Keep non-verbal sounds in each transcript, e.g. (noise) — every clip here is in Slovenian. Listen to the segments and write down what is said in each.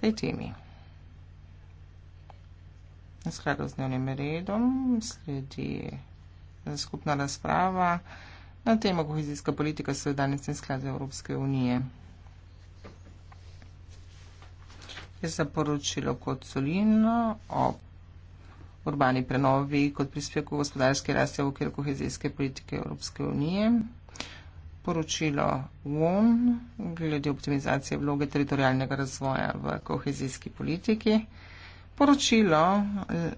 tej temi. V skladu z dnevnim redom sledi skupna razprava na temo kohezijska politika solidarnosti in sklade Evropske unije. Je zaporočilo kot solino o urbani prenovi kot prispevku gospodarske rasti v okviru kohezijske politike Evropske unije poročilo VON glede optimizacije vloge teritorijalnega razvoja v kohezijski politiki, poročilo eh,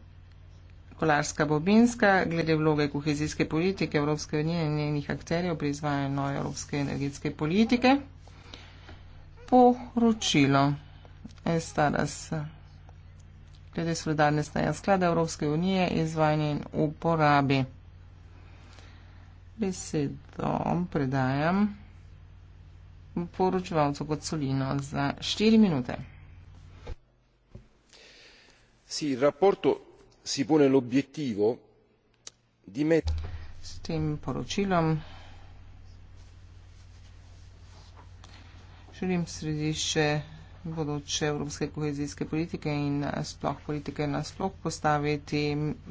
Kolarska Bobinska glede vloge kohezijske politike Evropske unije in njenih akterjev pri izvajanju nove evropske energetske politike, poročilo Estaras glede solidarnostnega sklada Evropske unije in izvajanje in uporabi besedo predajam poročevalcu Gocolino za štiri minute. Si, raporto si pone l'obiettivo di mettere... S tem poročilom želim središče bodoče evropske kohezijske politike in eh, sploh politike nasploh postaviti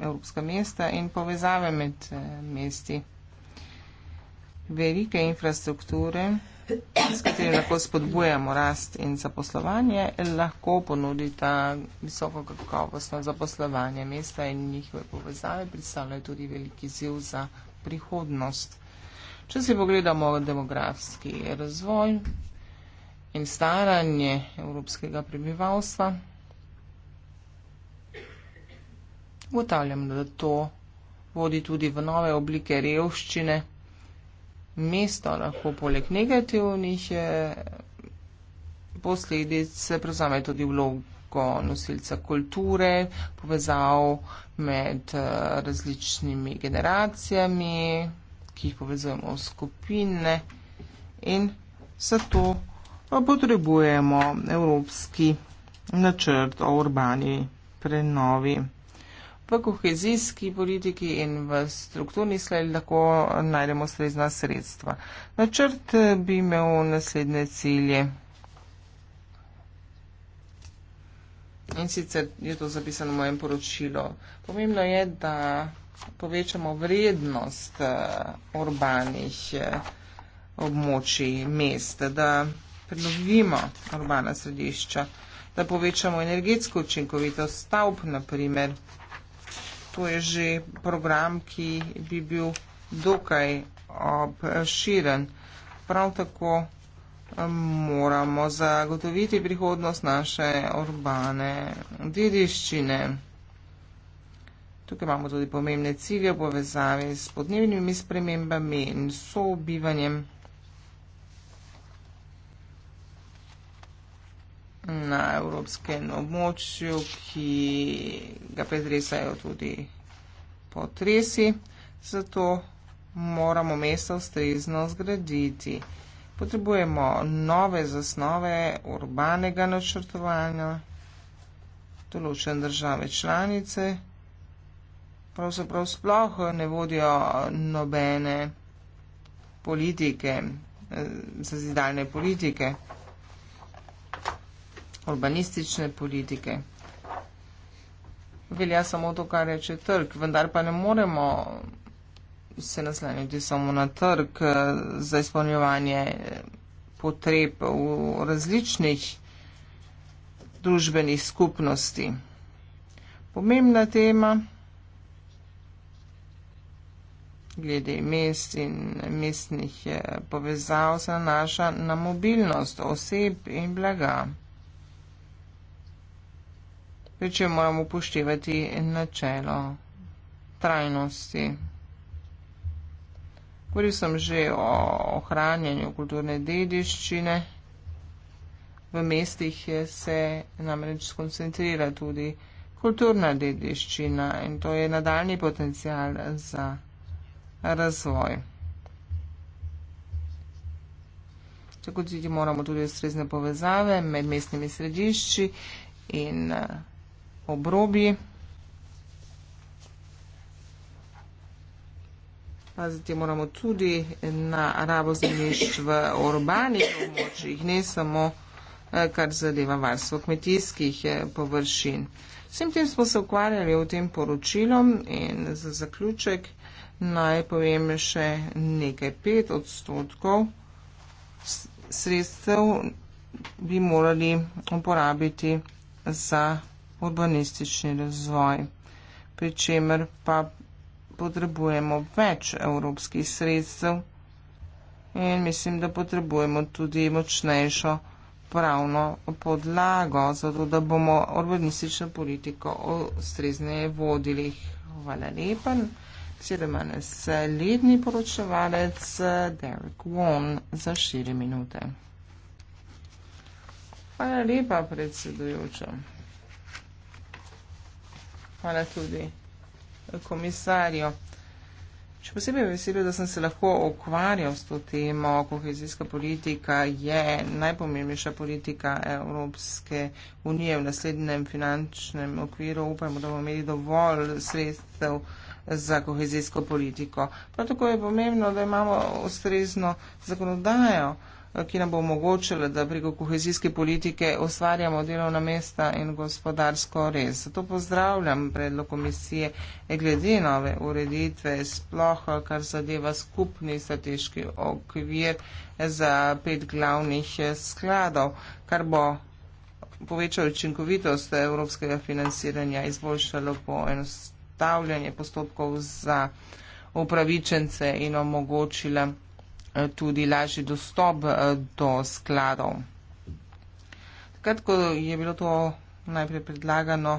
evropska mesta in povezave med eh, mesti velike infrastrukture, s katerimi lahko spodbujamo rast in zaposlovanje, lahko ponudita visoko kakovostno zaposlovanje mesta in njihove povezave predstavljajo tudi veliki ziv za prihodnost. Če si pogledamo demografski razvoj in staranje evropskega prebivalstva, ugotavljam, da to vodi tudi v nove oblike revščine mesto lahko poleg negativnih eh, posledic prevzame tudi vlogo nosilca kulture, povezav med eh, različnimi generacijami, ki jih povezujemo v skupine in zato eh, potrebujemo evropski načrt o urbani prenovi v kohezijski politiki in v strukturni sledi lahko najdemo srezna sredstva. Načrt eh, bi imel naslednje cilje. In sicer je to zapisano v mojem poročilu. Pomembno je, da povečamo vrednost eh, urbanih eh, območij, mest, da prenovimo urbana središča, da povečamo energetsko učinkovitost stavb, naprimer to je že program, ki bi bil dokaj obširen. Prav tako eh, moramo zagotoviti prihodnost naše urbane dediščine. Tukaj imamo tudi pomembne cilje v povezavi s podnebnimi spremembami in sobivanjem. So na evropskem območju, ki ga pretresajo tudi potresi, zato moramo mesto ustrezno zgraditi. Potrebujemo nove zasnove urbanega načrtovanja, določen države članice, pravzaprav sploh ne vodijo nobene politike, eh, zazidalne politike urbanistične politike. Velja samo to, kar reče trg, vendar pa ne moremo se naslanjati samo na trg eh, za izpolnjevanje eh, potreb v različnih družbenih skupnosti. Pomembna tema glede mest in mestnih eh, povezav se nanaša na mobilnost oseb in blaga pri čem moramo upoštevati načelo trajnosti. Govoril sem že o ohranjanju kulturne dediščine. V mestih se namreč skoncentrira tudi kulturna dediščina in to je nadaljni potencial za razvoj. Tako kot vidimo, moramo tudi ustrezne povezave med mestnimi središči in obrobi. Paziti moramo tudi na rabo zemljišč v urbanih območjih, ne samo eh, kar zadeva varstvo kmetijskih eh, površin. Vsem tem smo se ukvarjali v tem poročilom in za zaključek naj povem še nekaj pet odstotkov sredstev bi morali uporabiti za urbanistični razvoj, pri čemer pa potrebujemo več evropskih sredstev in mislim, da potrebujemo tudi močnejšo pravno podlago, zato da bomo urbanistično politiko ustrezneje vodili. Hvala lepa. Sedema nas letni poročevalec Derek Wong za štiri minute. Hvala lepa, predsedujoča. Hvala tudi eh, komisarju. Še posebej veselim, da sem se lahko okvarjal s to temo. Kohezijska politika je najpomembnejša politika Evropske unije v naslednjem finančnem okviru. Upajmo, da bomo imeli dovolj sredstev za kohezijsko politiko. Prav tako je pomembno, da imamo ustrezno zakonodajo ki nam bo omogočila, da preko kohezijske politike ustvarjamo delovna mesta in gospodarsko res. Zato pozdravljam predlog komisije glede nove ureditve, sploh kar zadeva skupni strateški okvir za pet glavnih skladov, kar bo povečalo učinkovitost evropskega financiranja, izboljšalo poenostavljanje postopkov za upravičence in omogočila Eh, tudi lažji dostop eh, do skladov. Takrat, ko je bilo to najprej predlagano,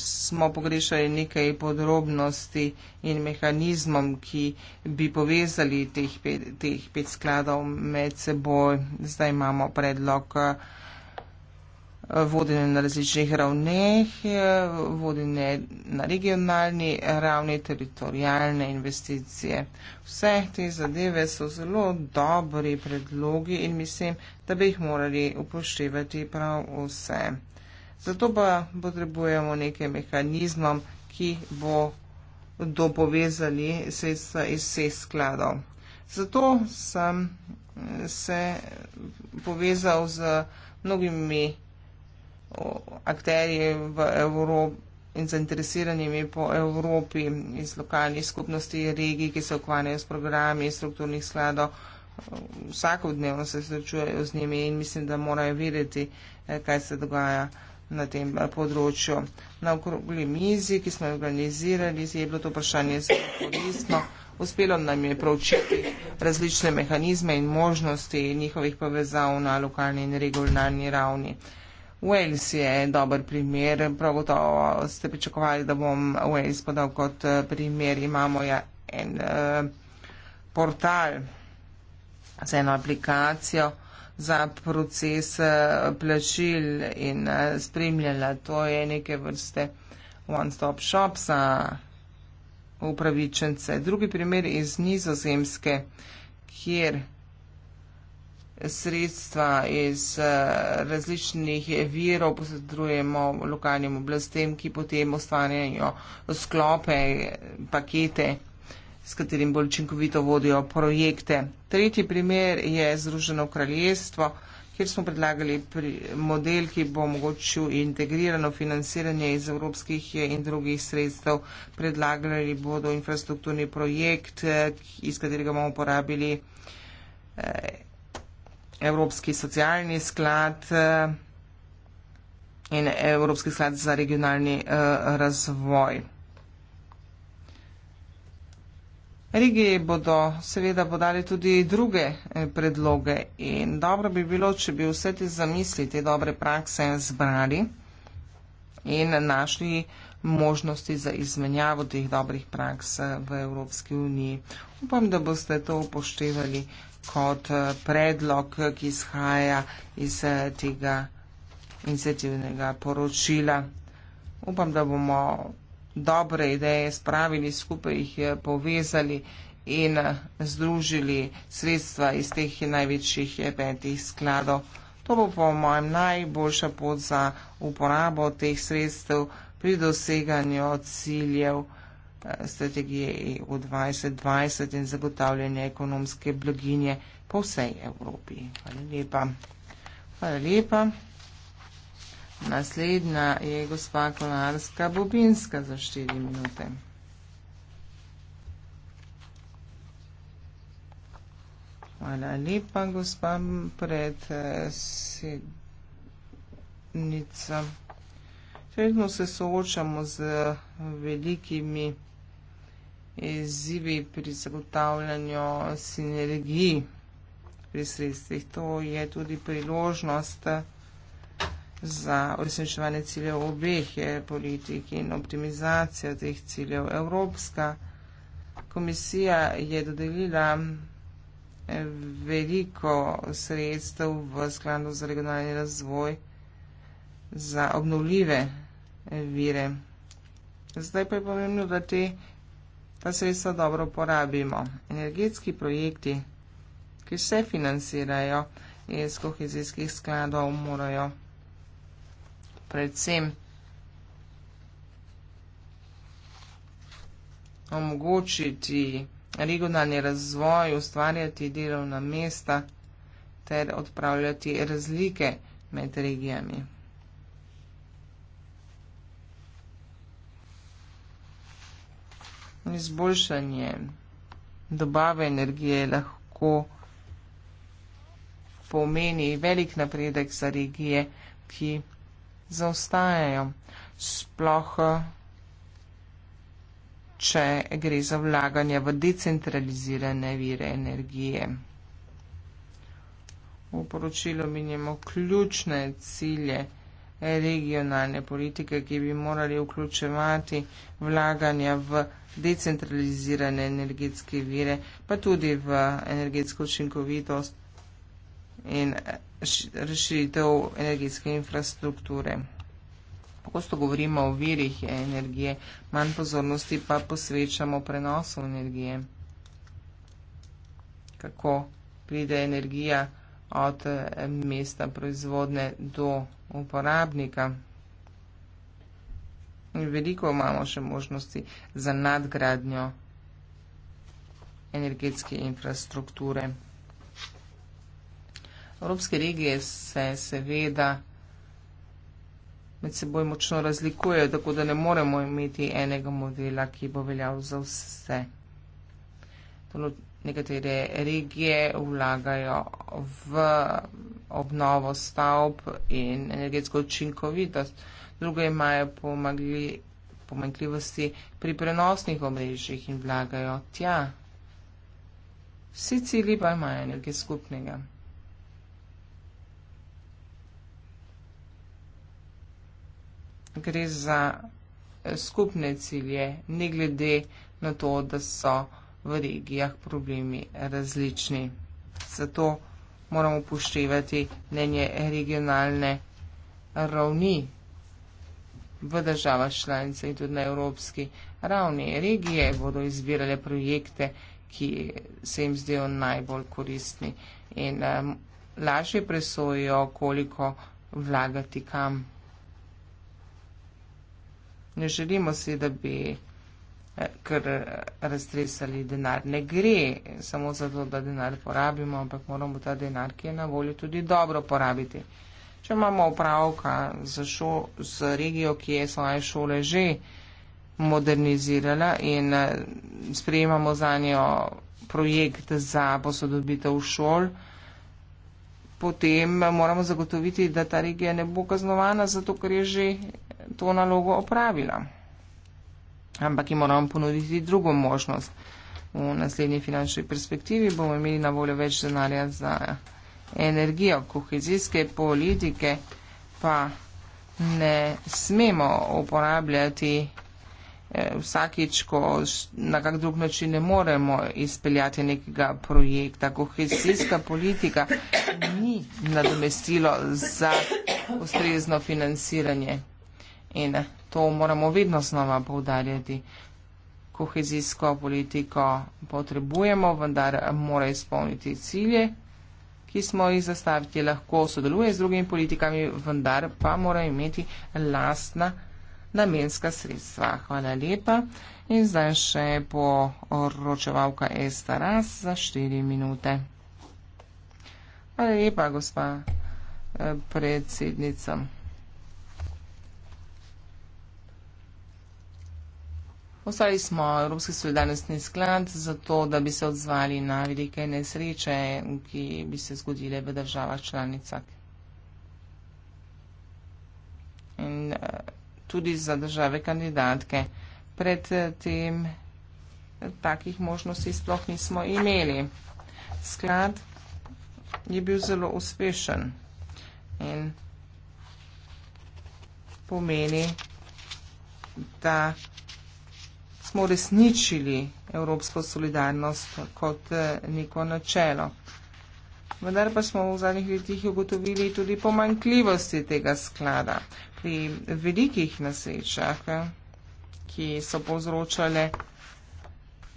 smo pogrešali nekaj podrobnosti in mehanizmom, ki bi povezali teh pet, teh pet skladov med seboj. Zdaj imamo predlog. Eh, vodene na različnih ravneh, vodene na regionalni ravni, teritorijalne investicije. Vse te zadeve so zelo dobri predlogi in mislim, da bi jih morali upoštevati prav vse. Zato pa potrebujemo nekaj mehanizmom, ki bo dopovezali sredstva iz vseh skladov. Zato sem se povezal z mnogimi akterji v Evropi in zainteresiranimi po Evropi iz lokalnih skupnosti, regij, ki se ukvarjajo s programi strukturnih skladov, vsakodnevno se srečujejo z njimi in mislim, da morajo vedeti, eh, kaj se dogaja na tem eh, področju. Na okrogli mizi, ki smo jo organizirali, je bilo to vprašanje zelo koristno. Uspelo nam je proučiti različne mehanizme in možnosti njihovih povezav na lokalni in regionalni ravni. Wales je dober primer, prav gotovo ste pričakovali, da bom Wales podal kot eh, primer. Imamo ja en uh, portal z eno aplikacijo za proces uh, plačil in uh, spremljala. To je neke vrste one-stop shop za upravičence. Drugi primer iz nizozemske, kjer sredstva iz eh, različnih virov posredujemo lokalnim oblastem, ki potem ustvarjajo sklope, pakete, s katerim bolj učinkovito vodijo projekte. Tretji primer je Združeno kraljestvo, kjer smo predlagali model, ki bo omogočil integrirano financiranje iz evropskih eh, in drugih sredstev. Predlagali bodo infrastrukturni projekt, eh, iz katerega bomo porabili Evropski socialni sklad eh, in Evropski sklad za regionalni eh, razvoj. Regije bodo seveda podali tudi druge eh, predloge in dobro bi bilo, če bi vse te zamisli, te dobre prakse zbrali in našli možnosti za izmenjavo teh dobrih praks v Evropski uniji. Upam, da boste to upoštevali kot eh, predlog, ki izhaja iz eh, tega inicijativnega poročila. Upam, da bomo dobre ideje spravili skupaj, jih eh, povezali in združili sredstva iz teh največjih petih skladov. To bo po mojem najboljša pot za uporabo teh sredstev pri doseganju ciljev strategije EU 2020 in zagotavljanje ekonomske blaginje po vsej Evropi. Hvala lepa. Hvala lepa. Naslednja je gospa Kolarska Bobinska za 4 minute. Hvala lepa, gospa predsednica. Trenutno se soočamo z velikimi izzivi pri zagotavljanju sinergij pri sredstvih. To je tudi priložnost za uresničevanje ciljev obeh politik in optimizacijo teh ciljev. Evropska komisija je dodelila veliko sredstev v skladu za regionalni razvoj za obnovljive vire. Zdaj pa je pomembno, da te ta sredstva dobro porabimo. Energetski projekti, ki se financirajo iz kohezijskih skladov, morajo predvsem omogočiti regionalni razvoj, ustvarjati delovna mesta ter odpravljati razlike med regijami. izboljšanje dobave energije lahko pomeni velik napredek za regije, ki zaostajajo. Sploh, če gre za vlaganje v decentralizirane vire energije. V poročilu minjemo ključne cilje regionalne politike, ki bi morali vključevati vlaganja v decentralizirane energetske vire, pa tudi v energetsko učinkovitost in razširitev energetske infrastrukture. Pogosto govorimo o virih energije, manj pozornosti pa posvečamo prenosu energije. Kako pride energija? od eh, mesta proizvodne do uporabnika. Veliko imamo še možnosti za nadgradnjo energetske infrastrukture. Evropske regije se seveda med seboj močno razlikujejo, tako da ne moremo imeti enega modela, ki bo veljal za vse nekatere regije vlagajo v obnovo stavb in energetsko učinkovitost, druge imajo pomagli, pomankljivosti pri prenosnih omrežjih in vlagajo tja. Vsi cilji pa imajo nekaj skupnega. Gre za skupne cilje, ne glede na to, da so v regijah problemi različni. Zato moramo upoštevati mnenje regionalne ravni v državah članice in tudi na evropski ravni. Regije bodo izbirale projekte, ki se jim zdijo najbolj koristni in um, lažje presojijo, koliko vlagati kam. Ne želimo si, da bi kar eh, raztresali denar. Ne gre samo za to, da denar porabimo, ampak moramo ta denar, ki je na voljo, tudi dobro porabiti. Če imamo upravka z, šo, z regijo, ki je svoje šole že modernizirala in eh, sprejemamo za njo projekt za posodobitev šol, potem moramo zagotoviti, da ta regija ne bo kaznovana, zato ker je že to nalogo opravila ampak jim moramo ponuditi drugo možnost. V naslednji finančni perspektivi bomo imeli na voljo več denarja za energijo, kohezijske politike pa ne smemo uporabljati eh, vsakič, ko na kak drug način ne moremo izpeljati nekega projekta. Kohezijska politika ni nadomestilo za ustrezno financiranje. In To moramo vedno znova povdarjati. Kohezijsko politiko potrebujemo, vendar mora izpolniti cilje, ki smo jih zastavili. Lahko sodeluje z drugimi politikami, vendar pa mora imeti lastna namenska sredstva. Hvala lepa. In zdaj še poročevalka Estaras za 4 minute. Hvala lepa, gospa eh, predsednica. Ostali smo Evropski solidarnostni sklad zato, da bi se odzvali na velike nesreče, ki bi se zgodile v državah članicah. In eh, tudi za države kandidatke. Pred eh, tem eh, takih možnosti sploh nismo imeli. Sklad je bil zelo uspešen in pomeni, da je smo resničili evropsko solidarnost kot eh, neko načelo. Vendar pa smo v zadnjih letih ugotovili tudi pomankljivosti tega sklada. Pri velikih nesrečah, ki so povzročale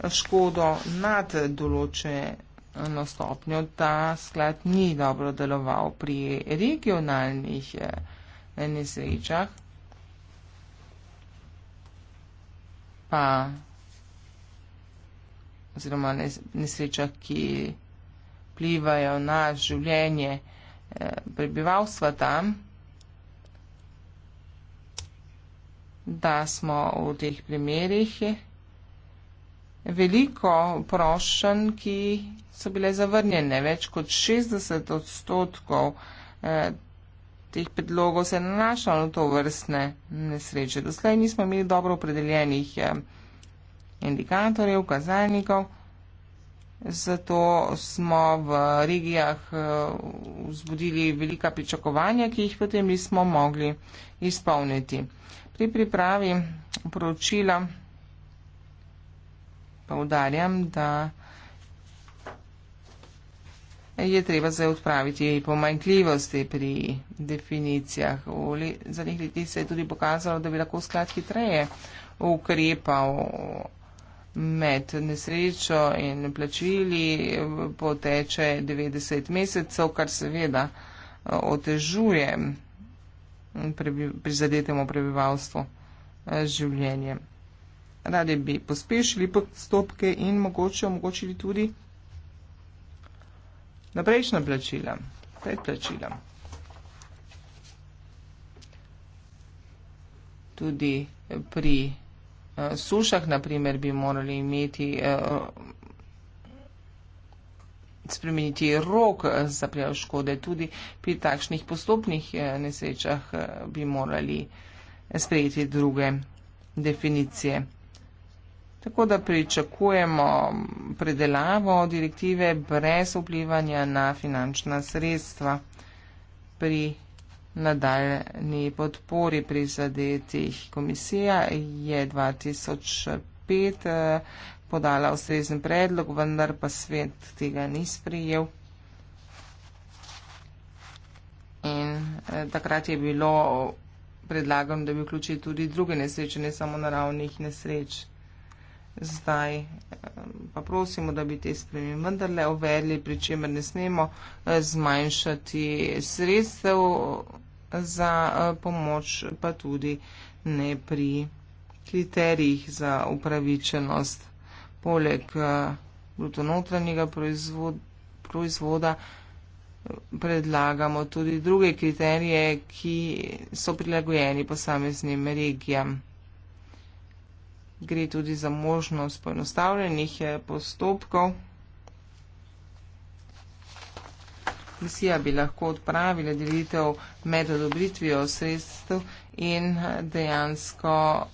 škodo nad določeno stopnjo, ta sklad ni dobro deloval pri regionalnih eh, nesrečah. pa oziroma nesreča, ki plivajo na življenje eh, prebivalstva tam, da smo v teh primerih veliko prošen, ki so bile zavrnjene, več kot 60 odstotkov eh, teh predlogov se nanaša na to vrstne nesreče. Doslej nismo imeli dobro opredeljenih eh, indikatorjev, kazalnikov, zato smo v regijah eh, vzbudili velika pričakovanja, ki jih potem nismo mogli izpolniti. Pri pripravi poročila pa udarjam, da je treba zdaj odpraviti pomanjkljivosti pri definicijah. V zadnjih letih se je tudi pokazalo, da bi lahko sklad hitreje ukrepal med nesrečo in plačili, poteče 90 mesecev, kar seveda otežuje prizadetemu prebivalstvu življenje. Radi bi pospešili postopke in mogoče omogočili tudi na prejšnja plačila, predplačila. Tudi pri uh, sušah, naprimer, bi morali imeti uh, spremeniti rok za prijav škode. Tudi pri takšnih postopnih uh, nesrečah uh, bi morali sprejeti druge definicije. Tako da pričakujemo predelavo direktive brez vplivanja na finančna sredstva pri nadaljni podpori prizadetih. Komisija je 2005 eh, podala ustrezen predlog, vendar pa svet tega ni sprijel. In eh, takrat je bilo predlagam, da bi vključili tudi druge nesreče, ne samo naravnih nesreč zdaj pa prosimo, da bi te spremembe vendarle uvedli, pri čemer ne smemo eh, zmanjšati sredstev eh, za eh, pomoč, pa tudi ne pri kriterijih za upravičenost. Poleg brutonotranjega proizvoda predlagamo tudi druge kriterije, ki so prilagojeni posameznim regijam gre tudi za možnost poenostavljenih eh, postopkov. Komisija bi lahko odpravila delitev med odobritvijo sredstev in eh, dejansko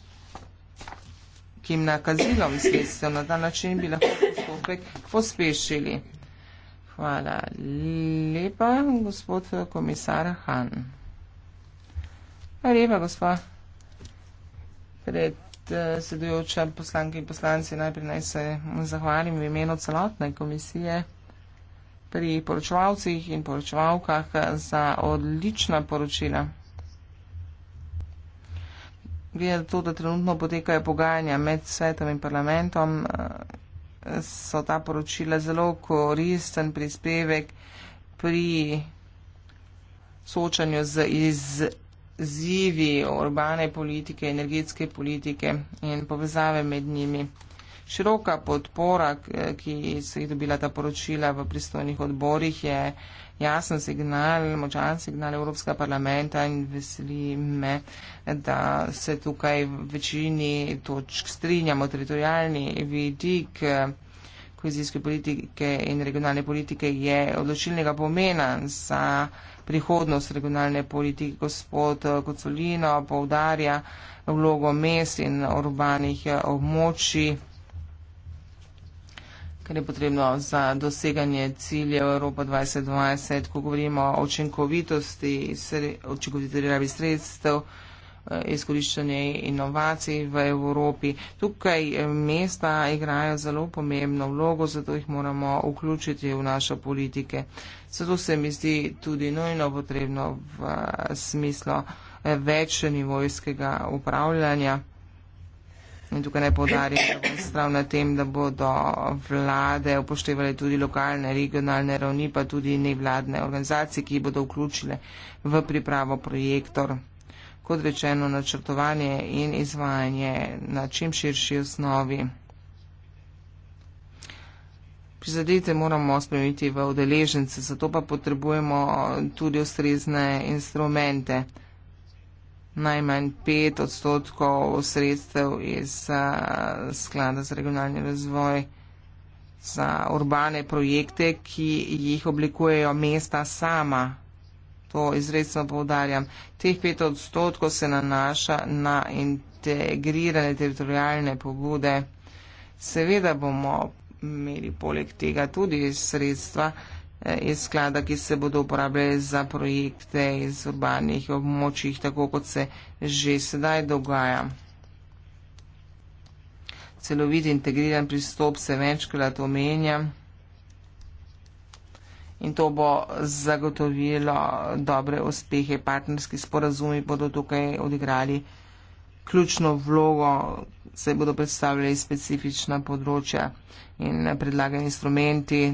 kim nakazilom sredstev. Na ta način bi lahko postopek pospešili. Hvala lepa, gospod eh, komisar Han. Hvala lepa, gospod. Pred predsedujoča, poslanke in poslanci, najprej naj se zahvalim v imenu celotne komisije pri poročevalcih in poročevalkah za odlična poročila. Glede na to, da trenutno potekajo pogajanja med svetom in parlamentom, so ta poročila zelo koristen prispevek pri soočanju z izjemnostjo izzivi urbane politike, energetske politike in povezave med njimi. Široka podpora, eh, ki so jih dobila ta poročila v pristojnih odborih, je jasen signal, močan signal Evropskega parlamenta in veseli me, da se tukaj v večini točk strinjamo. Teritorijalni vidik eh, kohezijske politike in regionalne politike je odločilnega pomena za prihodnost regionalne politike. Gospod eh, Kocolino povdarja vlogo mest in urbanih eh, območij, kar je potrebno za doseganje ciljev Evropa 2020, ko govorimo o učinkovitosti, učinkovitosti rabi sredstev eh, izkoriščanje inovacij v Evropi. Tukaj mesta igrajo zelo pomembno vlogo, zato jih moramo vključiti v našo politike. Zato se mi zdi tudi nujno potrebno v smislu eh, večni vojskega upravljanja. In tukaj ne podarim, da bom strav na tem, da bodo vlade upoštevali tudi lokalne, regionalne ravni, pa tudi nevladne organizacije, ki bodo vključile v pripravo projektor. Kot rečeno, načrtovanje in izvajanje na čim širši osnovi prizadete moramo spremeniti v udeležence, zato pa potrebujemo tudi ustrezne instrumente. Najmanj pet odstotkov sredstev iz eh, sklada za regionalni razvoj za urbane projekte, ki jih oblikujejo mesta sama. To izredno povdarjam. Teh pet odstotkov se nanaša na integrirane teritorijalne pobude. Seveda bomo imeli poleg tega tudi sredstva eh, iz sklada, ki se bodo uporabljali za projekte iz urbanih območjih, tako kot se že sedaj dogaja. Celovit integriran pristop se večkrat omenja in to bo zagotovilo dobre uspehe. Partnerski sporazumi bodo tukaj odigrali ključno vlogo, se bodo predstavljali specifična področja in predlagani instrumenti,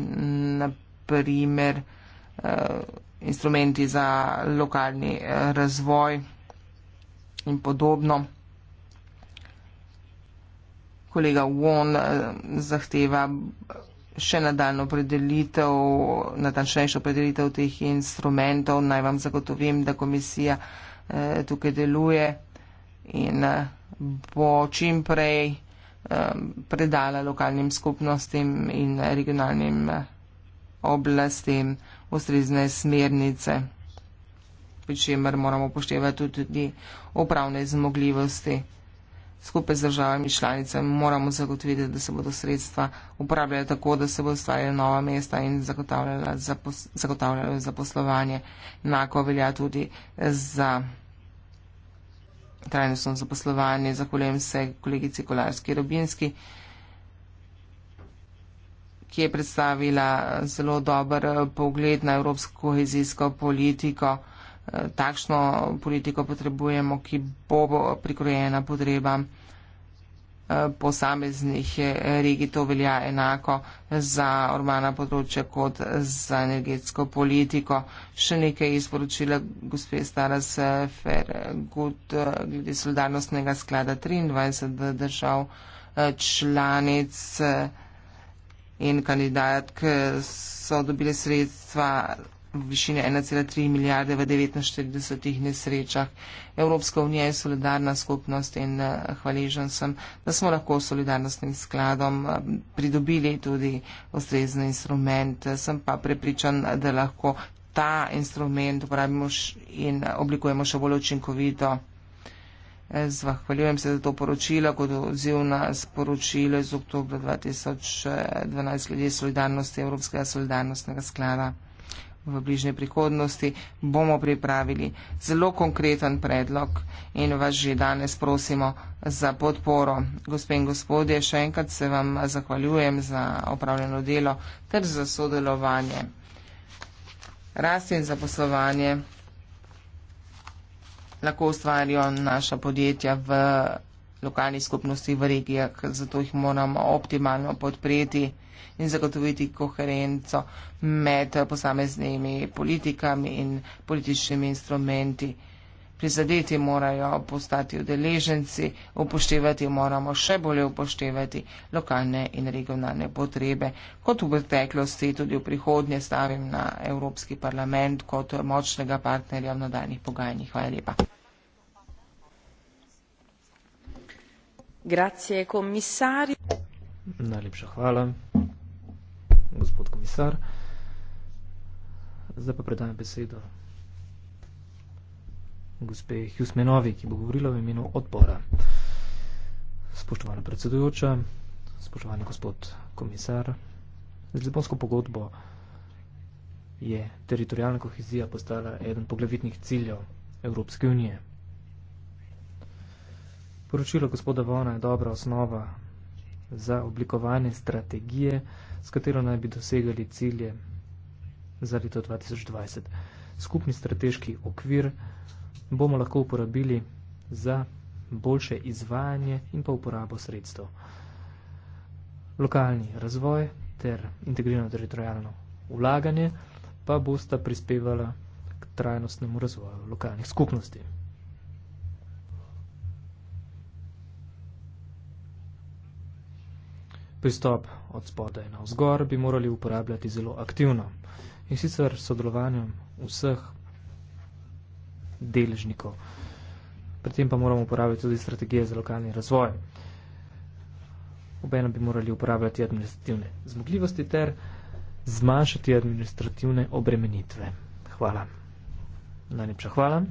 naprimer eh, instrumenti za lokalni eh, razvoj in podobno. Kolega Won eh, zahteva še nadaljno predelitev, natančnejšo predelitev teh instrumentov. Naj vam zagotovim, da komisija tukaj deluje in bo čim prej predala lokalnim skupnostim in regionalnim eh, oblastem ustrezne smernice, pri čemer moramo upoštevati tudi upravne zmogljivosti. Skupaj z državami članicami moramo zagotoviti, da se bodo sredstva uporabljala tako, da se bodo stvarjala nova mesta in zagotavljala zaposlovanje. Enako velja tudi za trajnostno zaposlovanje. Zahvaljujem se kolegici Kolarski Robinski, ki je predstavila zelo dober eh, pogled na evropsko kohezijsko politiko. Eh, takšno politiko potrebujemo, ki bo prikrojena potrebam posameznih regij. To velja enako za urbana področja kot za energetsko politiko. Še nekaj izporočila gospe Staras Fergut glede solidarnostnega sklada 23 držav eh, članic eh, in kandidatk eh, so dobili sredstva višine 1,3 milijarde v 49 nesrečah. Evropska unija je solidarna skupnost in eh, hvaležen sem, da smo lahko s solidarnostnim skladom eh, pridobili tudi ustrezen instrument. Sem pa prepričan, da lahko ta instrument uporabimo in eh, oblikujemo še bolj učinkovito. Zahvaljujem se za to poročilo, kot odziv na sporočilo iz oktobra 2012 glede solidarnosti Evropskega solidarnostnega sklada v bližnji prihodnosti bomo pripravili zelo konkreten predlog in vas že danes prosimo za podporo. Gospe in gospodje, še enkrat se vam zahvaljujem za opravljeno delo ter za sodelovanje. Rast in zaposlovanje lahko ustvarijo naša podjetja v lokalnih skupnostih, v regijah, zato jih moramo optimalno podpreti in zagotoviti koherenco med posameznimi politikami in političnimi instrumenti. Prizadeti morajo postati udeleženci, upoštevati moramo še bolje upoštevati lokalne in regionalne potrebe, kot v preteklosti tudi v prihodnje stavim na Evropski parlament kot močnega partnerja v nadaljnih pogajanjih. Hvala lepa. Grazie, komisar. Najlepša hvala gospod komisar. Zdaj pa predajam besedo gospe Hjusmenovi, ki bo govorila v imenu odbora. Spoštovana predsedujoča, spoštovani gospod komisar, z Liponsko pogodbo je teritorijalna kohezija postala eden poglavitnih ciljev Evropske unije. Poročilo gospoda Vona je dobra osnova za oblikovanje strategije s katero naj bi dosegali cilje za leto 2020. Skupni strateški okvir bomo lahko uporabili za boljše izvajanje in pa uporabo sredstev. Lokalni razvoj ter integrirano teritorijalno vlaganje pa bosta prispevala k trajnostnemu razvoju lokalnih skupnosti. pristop od spodaj na vzgor bi morali uporabljati zelo aktivno in sicer s sodelovanjem vseh deležnikov. Pri tem pa moramo uporabljati tudi strategije za lokalni razvoj. Obenem bi morali uporabljati administrativne zmogljivosti ter zmanjšati administrativne obremenitve. Hvala. Najlepša hvala.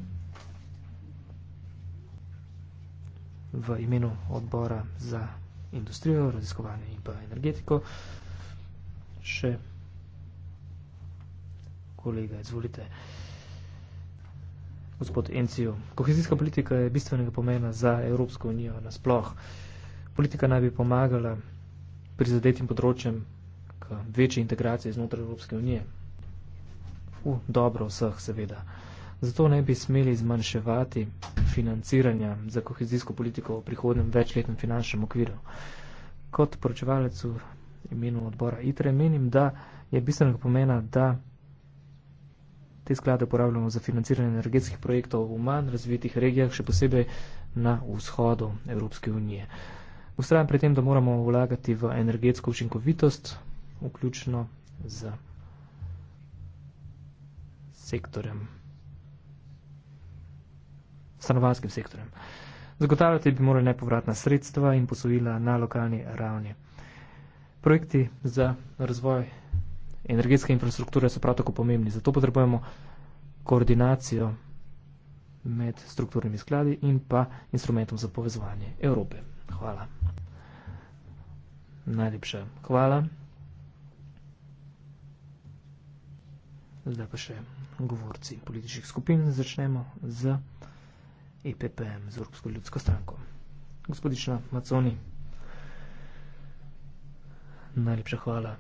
V imenu odbora za industrijo, raziskovanje in pa energetiko. Še kolega, izvolite. Gospod Encijo, kohezijska politika je bistvenega pomena za Evropsko unijo nasploh. Politika naj bi pomagala prizadetim področjem k večji integraciji znotraj Evropske unije. V dobro vseh, seveda. Zato ne bi smeli zmanjševati financiranja za kohezijsko politiko v prihodnem večletnem finančnem okviru. Kot poročevalec v imenu odbora ITRE menim, da je bistvenega pomena, da te sklade uporabljamo za financiranje energetskih projektov v manj razvitih regijah, še posebej na vzhodu Evropske unije. Ustrajam pri tem, da moramo vlagati v energetsko učinkovitost, vključno z sektorjem stanovanskim sektorjem. Zagotavljati bi morali nepovratna sredstva in posojila na lokalni ravni. Projekti za razvoj energetske infrastrukture so prav tako pomembni, zato potrebujemo koordinacijo med strukturnimi skladi in pa instrumentom za povezovanje Evrope. Hvala. Najlepša hvala. Zdaj pa še govorci političnih skupin. Začnemo z. EPPM, Evropsko ljudsko stranko. Gospodična Maconi, najlepša hvala.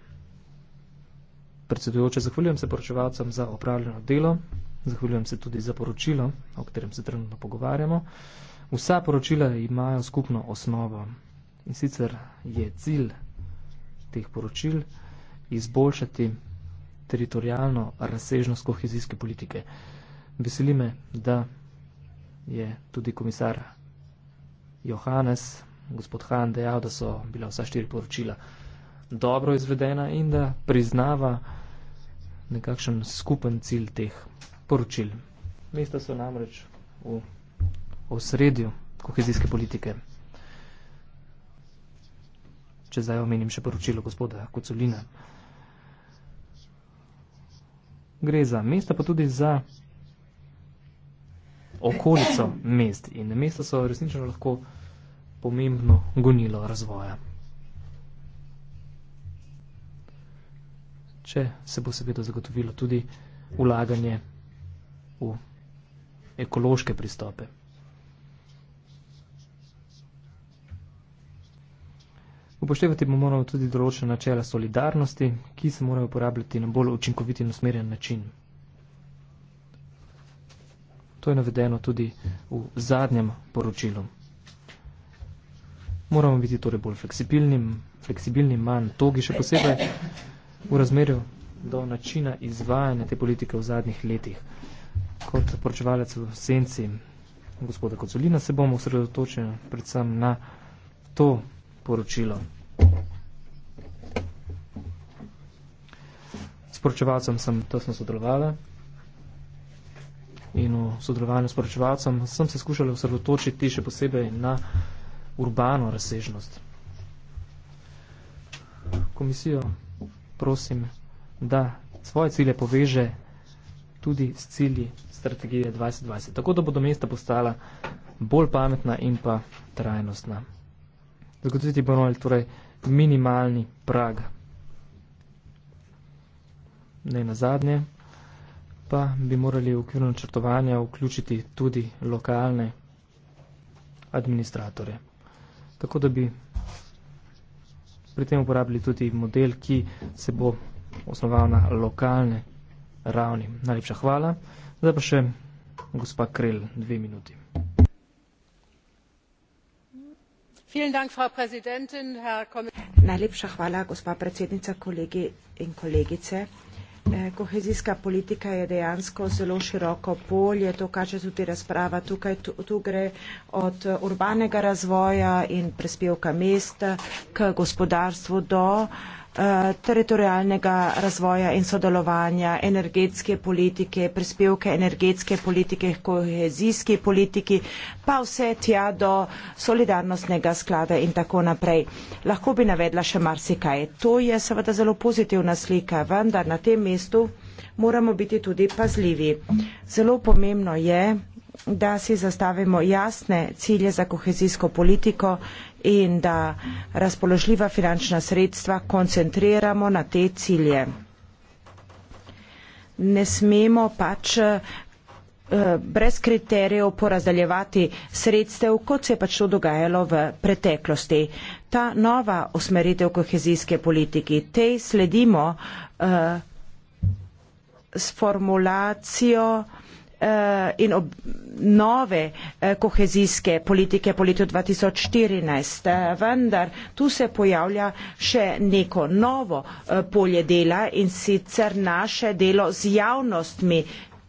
Predsedujoče, zahvaljujem se poročevalcem za opravljeno delo, zahvaljujem se tudi za poročilo, o katerem se trenutno pogovarjamo. Vsa poročila imajo skupno osnovo in sicer je cilj teh poročil izboljšati teritorijalno razsežnost kohezijske politike. Veseli me, da je tudi komisar Johannes, gospod Han, dejal, da so bila vsa štiri poročila dobro izvedena in da priznava nekakšen skupen cilj teh poročil. Mesta so namreč v osredju kohezijske politike. Če zdaj omenim še poročilo gospoda Kocolina. Gre za mesta, pa tudi za okolico mest. In mesta so resnično lahko pomembno gonilo razvoja. Če se bo seveda zagotovilo tudi ulaganje v ekološke pristope. Upoštevati bomo morali tudi določene načela solidarnosti, ki se morajo uporabljati na bolj učinkovit in usmerjen način. To je navedeno tudi v zadnjem poročilu. Moramo biti torej bolj fleksibilni, fleksibilni, manj togi, še posebej v razmerju do načina izvajanja te politike v zadnjih letih. Kot poročevalec v senci gospoda Kocolina se bomo osredotočili predvsem na to poročilo. S poročevalcem sem tesno sodelovala in v sodelovanju s poročevalcem sem se skušala osredotočiti še posebej na urbano razsežnost. Komisijo prosim, da svoje cilje poveže tudi s cilji strategije 2020, tako da bodo mesta postala bolj pametna in pa trajnostna. Zagotoviti bomo morali torej minimalni prag. Ne na zadnje pa bi morali v okviru načrtovanja vključiti tudi lokalne administratore. Tako da bi pri tem uporabili tudi model, ki se bo osnoval na lokalne ravni. Najlepša hvala. Zdaj pa še gospa Krel, dve minuti. Najlepša hvala, gospa predsednica, kolegi in kolegice. Eh, kohezijska politika je dejansko zelo široko polje, to kaže tudi razprava. Tukaj tu, tu gre od eh, urbanega razvoja in prispevka mesta eh, k gospodarstvu do. Uh, Eh, teritorijalnega razvoja in sodelovanja, energetske politike, prispevke energetske politike, kohezijske politike, pa vse tja do solidarnostnega sklada in tako naprej. Lahko bi navedla še marsikaj. To je seveda zelo pozitivna slika, vendar na tem mestu moramo biti tudi pazljivi. Zelo pomembno je, da si zastavimo jasne cilje za kohezijsko politiko in da razpoložljiva finančna sredstva koncentriramo na te cilje. Ne smemo pač eh, brez kriterijev porazdaljevati sredstev, kot se je pač to dogajalo v preteklosti. Ta nova usmeritev kohezijske politike, tej sledimo uh, s formulacijo uh, Eh, in ob nove eh, kohezijske politike po letu 2014. Eh, vendar tu se pojavlja še neko novo polje dela in sicer naše delo z javnostmi,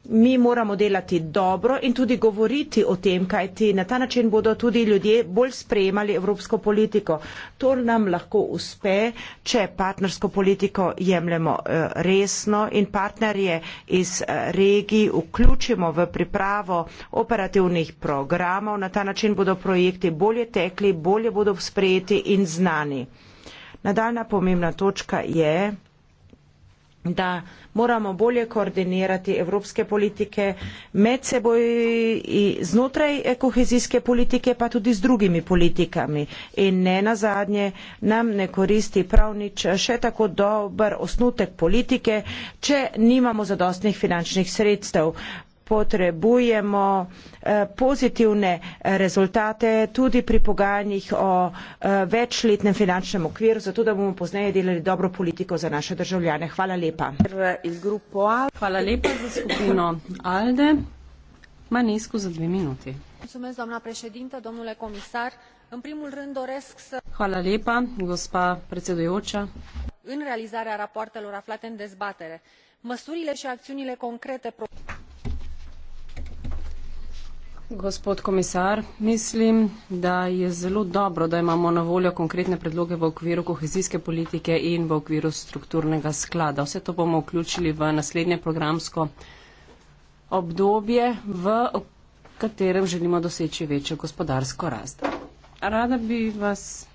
mi moramo delati dobro in tudi govoriti o tem, kaj ti na ta način bodo tudi ljudje bolj sprejemali evropsko politiko. To nam lahko uspe, če partnersko politiko jemljemo eh, resno in partnerje iz eh, regij vključimo v pripravo operativnih programov. Na ta način bodo projekti bolje tekli, bolje bodo sprejeti in znani. Nadaljna pomembna točka je, da moramo bolje koordinirati evropske politike med seboj in znotraj kohezijske politike, pa tudi z drugimi politikami. In ne na zadnje, nam ne koristi prav nič še tako dober osnutek politike, če nimamo zadostnih finančnih sredstev potrebujemo eh, pozitivne eh, rezultate tudi pri pogajanjih o eh, večletnem finančnem okviru, zato da bomo pozneje delali dobro politiko za naše državljane. Hvala lepa. Hvala lepa za skupino Alde. Manesku za dve minuti. Hvala lepa, gospa predsedujoča. In realizacija raportov aflate v debatere. Mesurile in akcijile konkrete. Gospod komisar, mislim, da je zelo dobro, da imamo na voljo konkretne predloge v okviru kohezijske politike in v okviru strukturnega sklada. Vse to bomo vključili v naslednje programsko obdobje, v katerem želimo doseči večjo gospodarsko rast. Rada bi vas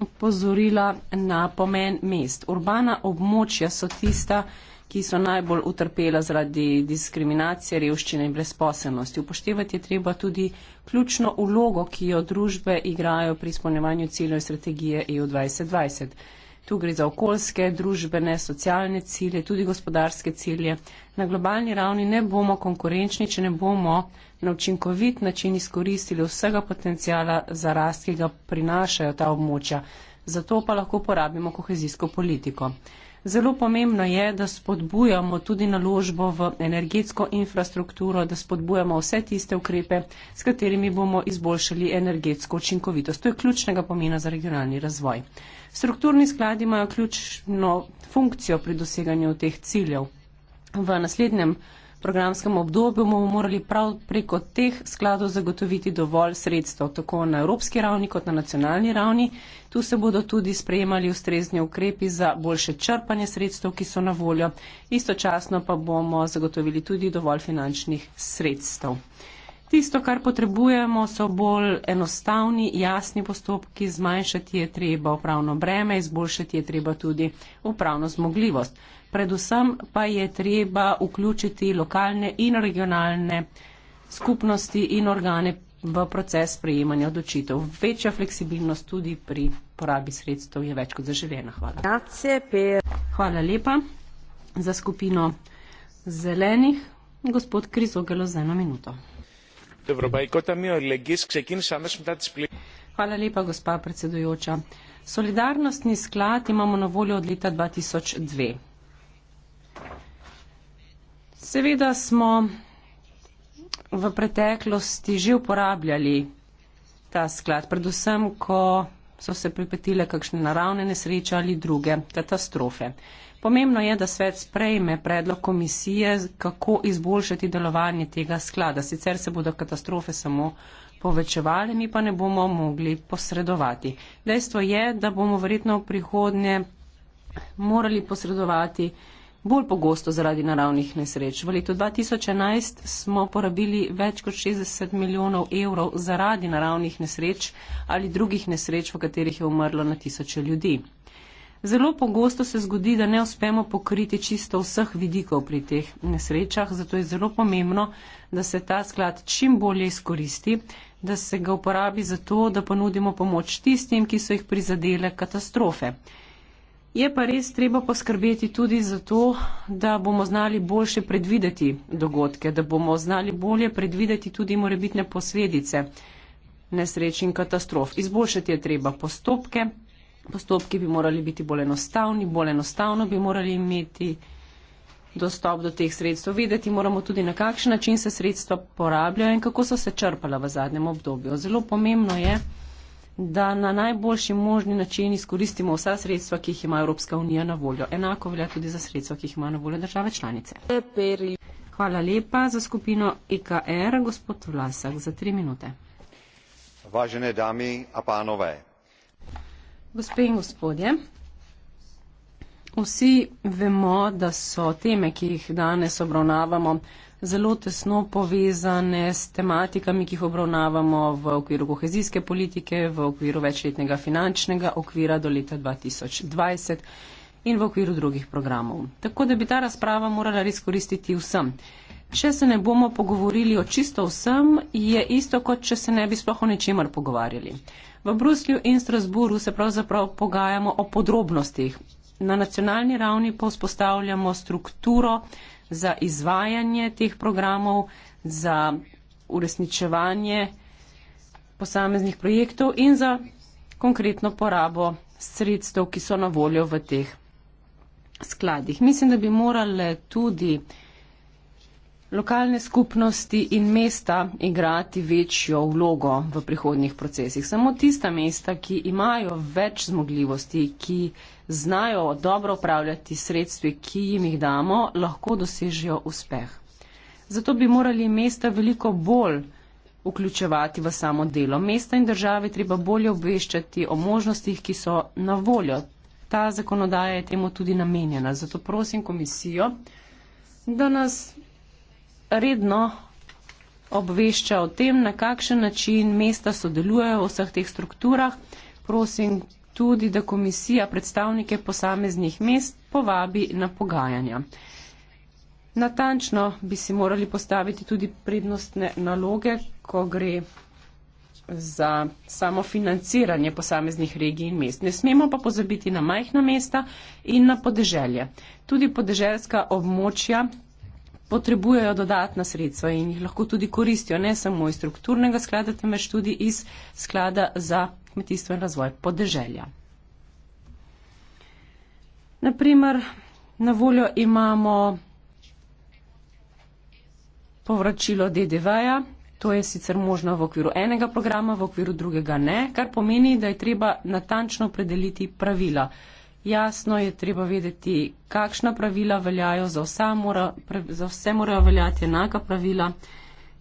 opozorila na pomen mest. Urbana območja so tista, ki so najbolj utrpela zaradi diskriminacije, revščine in brezposelnosti. Upoštevati je treba tudi ključno ulogo, ki jo družbe igrajo pri izpolnjevanju ciljev strategije EU 2020. Tu gre za okoljske, družbene, socialne cilje, tudi gospodarske cilje. Na globalni ravni ne bomo konkurenčni, če ne bomo na učinkovit način izkoristili vsega potencijala za rast, ki ga prinašajo ta območja. Zato pa lahko porabimo kohezijsko politiko. Zelo pomembno je, da spodbujamo tudi naložbo v energetsko infrastrukturo, da spodbujamo vse tiste ukrepe, s katerimi bomo izboljšali energetsko učinkovitost. To je ključnega pomena za regionalni razvoj. Strukturni skladi imajo ključno funkcijo pri doseganju teh ciljev. V naslednjem programskem obdobju bomo morali prav preko teh skladov zagotoviti dovolj sredstev, tako na evropski ravni kot na nacionalni ravni. Tu se bodo tudi sprejemali ustrezni ukrepi za boljše črpanje sredstev, ki so na voljo. Istočasno pa bomo zagotovili tudi dovolj finančnih sredstev. Tisto, kar potrebujemo, so bolj enostavni, jasni postopki, zmanjšati je treba upravno breme, izboljšati je treba tudi upravno zmogljivost predvsem pa je treba vključiti lokalne in regionalne skupnosti in organe v proces sprejemanja odločitev. Večja fleksibilnost tudi pri porabi sredstev je več kot zaželjena. Hvala. Hvala lepa za skupino zelenih. Gospod Krizogelo za eno minuto. Hvala lepa, gospa predsedujoča. Solidarnostni sklad imamo na voljo od leta 2002. Seveda smo v preteklosti že uporabljali ta sklad, predvsem, ko so se pripetile kakšne naravne nesreče ali druge katastrofe. Pomembno je, da svet sprejme predlog komisije, kako izboljšati delovanje tega sklada. Sicer se bodo katastrofe samo povečevali, mi pa ne bomo mogli posredovati. Dejstvo je, da bomo verjetno v prihodnje morali posredovati uh, bolj pogosto zaradi naravnih nesreč. V letu 2011 smo porabili več kot 60 milijonov evrov zaradi naravnih nesreč ali drugih nesreč, v katerih je umrlo na tisoče ljudi. Zelo pogosto se zgodi, da ne uspemo pokriti čisto vseh vidikov pri teh nesrečah, zato je zelo pomembno, da se ta sklad čim bolje izkoristi, da se ga uporabi za to, da ponudimo pomoč tistim, ki so jih prizadele katastrofe. Je pa res treba poskrbeti tudi za to, da bomo znali boljše predvideti dogodke, da bomo znali bolje predvideti tudi morebitne posledice nesreč in katastrof. Izboljšati je treba postopke. Postopki bi morali biti bolj enostavni, bolj enostavno bi morali imeti dostop do teh sredstev. Vedeti moramo tudi, na kakšen način se sredstva porabljajo in kako so se črpala v zadnjem obdobju. Zelo pomembno je, da na najboljši možni način izkoristimo vsa sredstva, ki jih ima Evropska unija na voljo. Enako velja tudi za sredstva, ki jih ima na voljo države članice. Hvala lepa za skupino IKR, e gospod Vlasak, za tri minute. Važene dami a panove. Gospe in gospodje, vsi vemo, da so teme, ki jih danes obravnavamo, zelo tesno povezane s tematikami, ki jih obravnavamo v okviru kohezijske politike, v okviru večletnega finančnega okvira do leta 2020 in v okviru drugih programov. Tako da bi ta razprava morala res koristiti vsem. Če se ne bomo pogovorili o čisto vsem, je isto, kot če se ne bi sploh o ničemer pogovarjali. V Bruslju in Strasburu se pravzaprav pogajamo o podrobnostih. Na nacionalni ravni pa vzpostavljamo strukturo za izvajanje teh programov, za uresničevanje posameznih projektov in za konkretno porabo sredstev, ki so na voljo v teh skladih. Mislim, da bi morale tudi lokalne skupnosti in mesta igrati večjo vlogo v prihodnih procesih. Samo tista mesta, ki imajo več zmogljivosti, ki znajo dobro upravljati sredstvi, ki jim jih damo, lahko dosežejo uspeh. Zato bi morali mesta veliko bolj vključevati v samo delo. Mesta in države treba bolje obveščati o možnostih, ki so na voljo. Ta zakonodaja je temu tudi namenjena. Zato prosim komisijo, da nas redno obvešča o tem, na kakšen način mesta sodelujejo v vseh teh strukturah. Prosim tudi, da komisija predstavnike posameznih mest povabi na pogajanja. Natančno bi si morali postaviti tudi prednostne naloge, ko gre za samo financiranje posameznih regij in mest. Ne smemo pa pozabiti na majhna mesta in na podeželje. Tudi podeželska območja potrebujejo dodatna sredstva in jih lahko tudi koristijo ne samo iz strukturnega sklada, temveč tudi iz sklada za kmetijstvo in razvoj podeželja. Naprimer, na voljo imamo povračilo DDV-ja, to je sicer možno v okviru enega programa, v okviru drugega ne, kar pomeni, da je treba natančno predeliti pravila. Jasno je treba vedeti, kakšna pravila veljajo, za vse morajo veljati enaka pravila.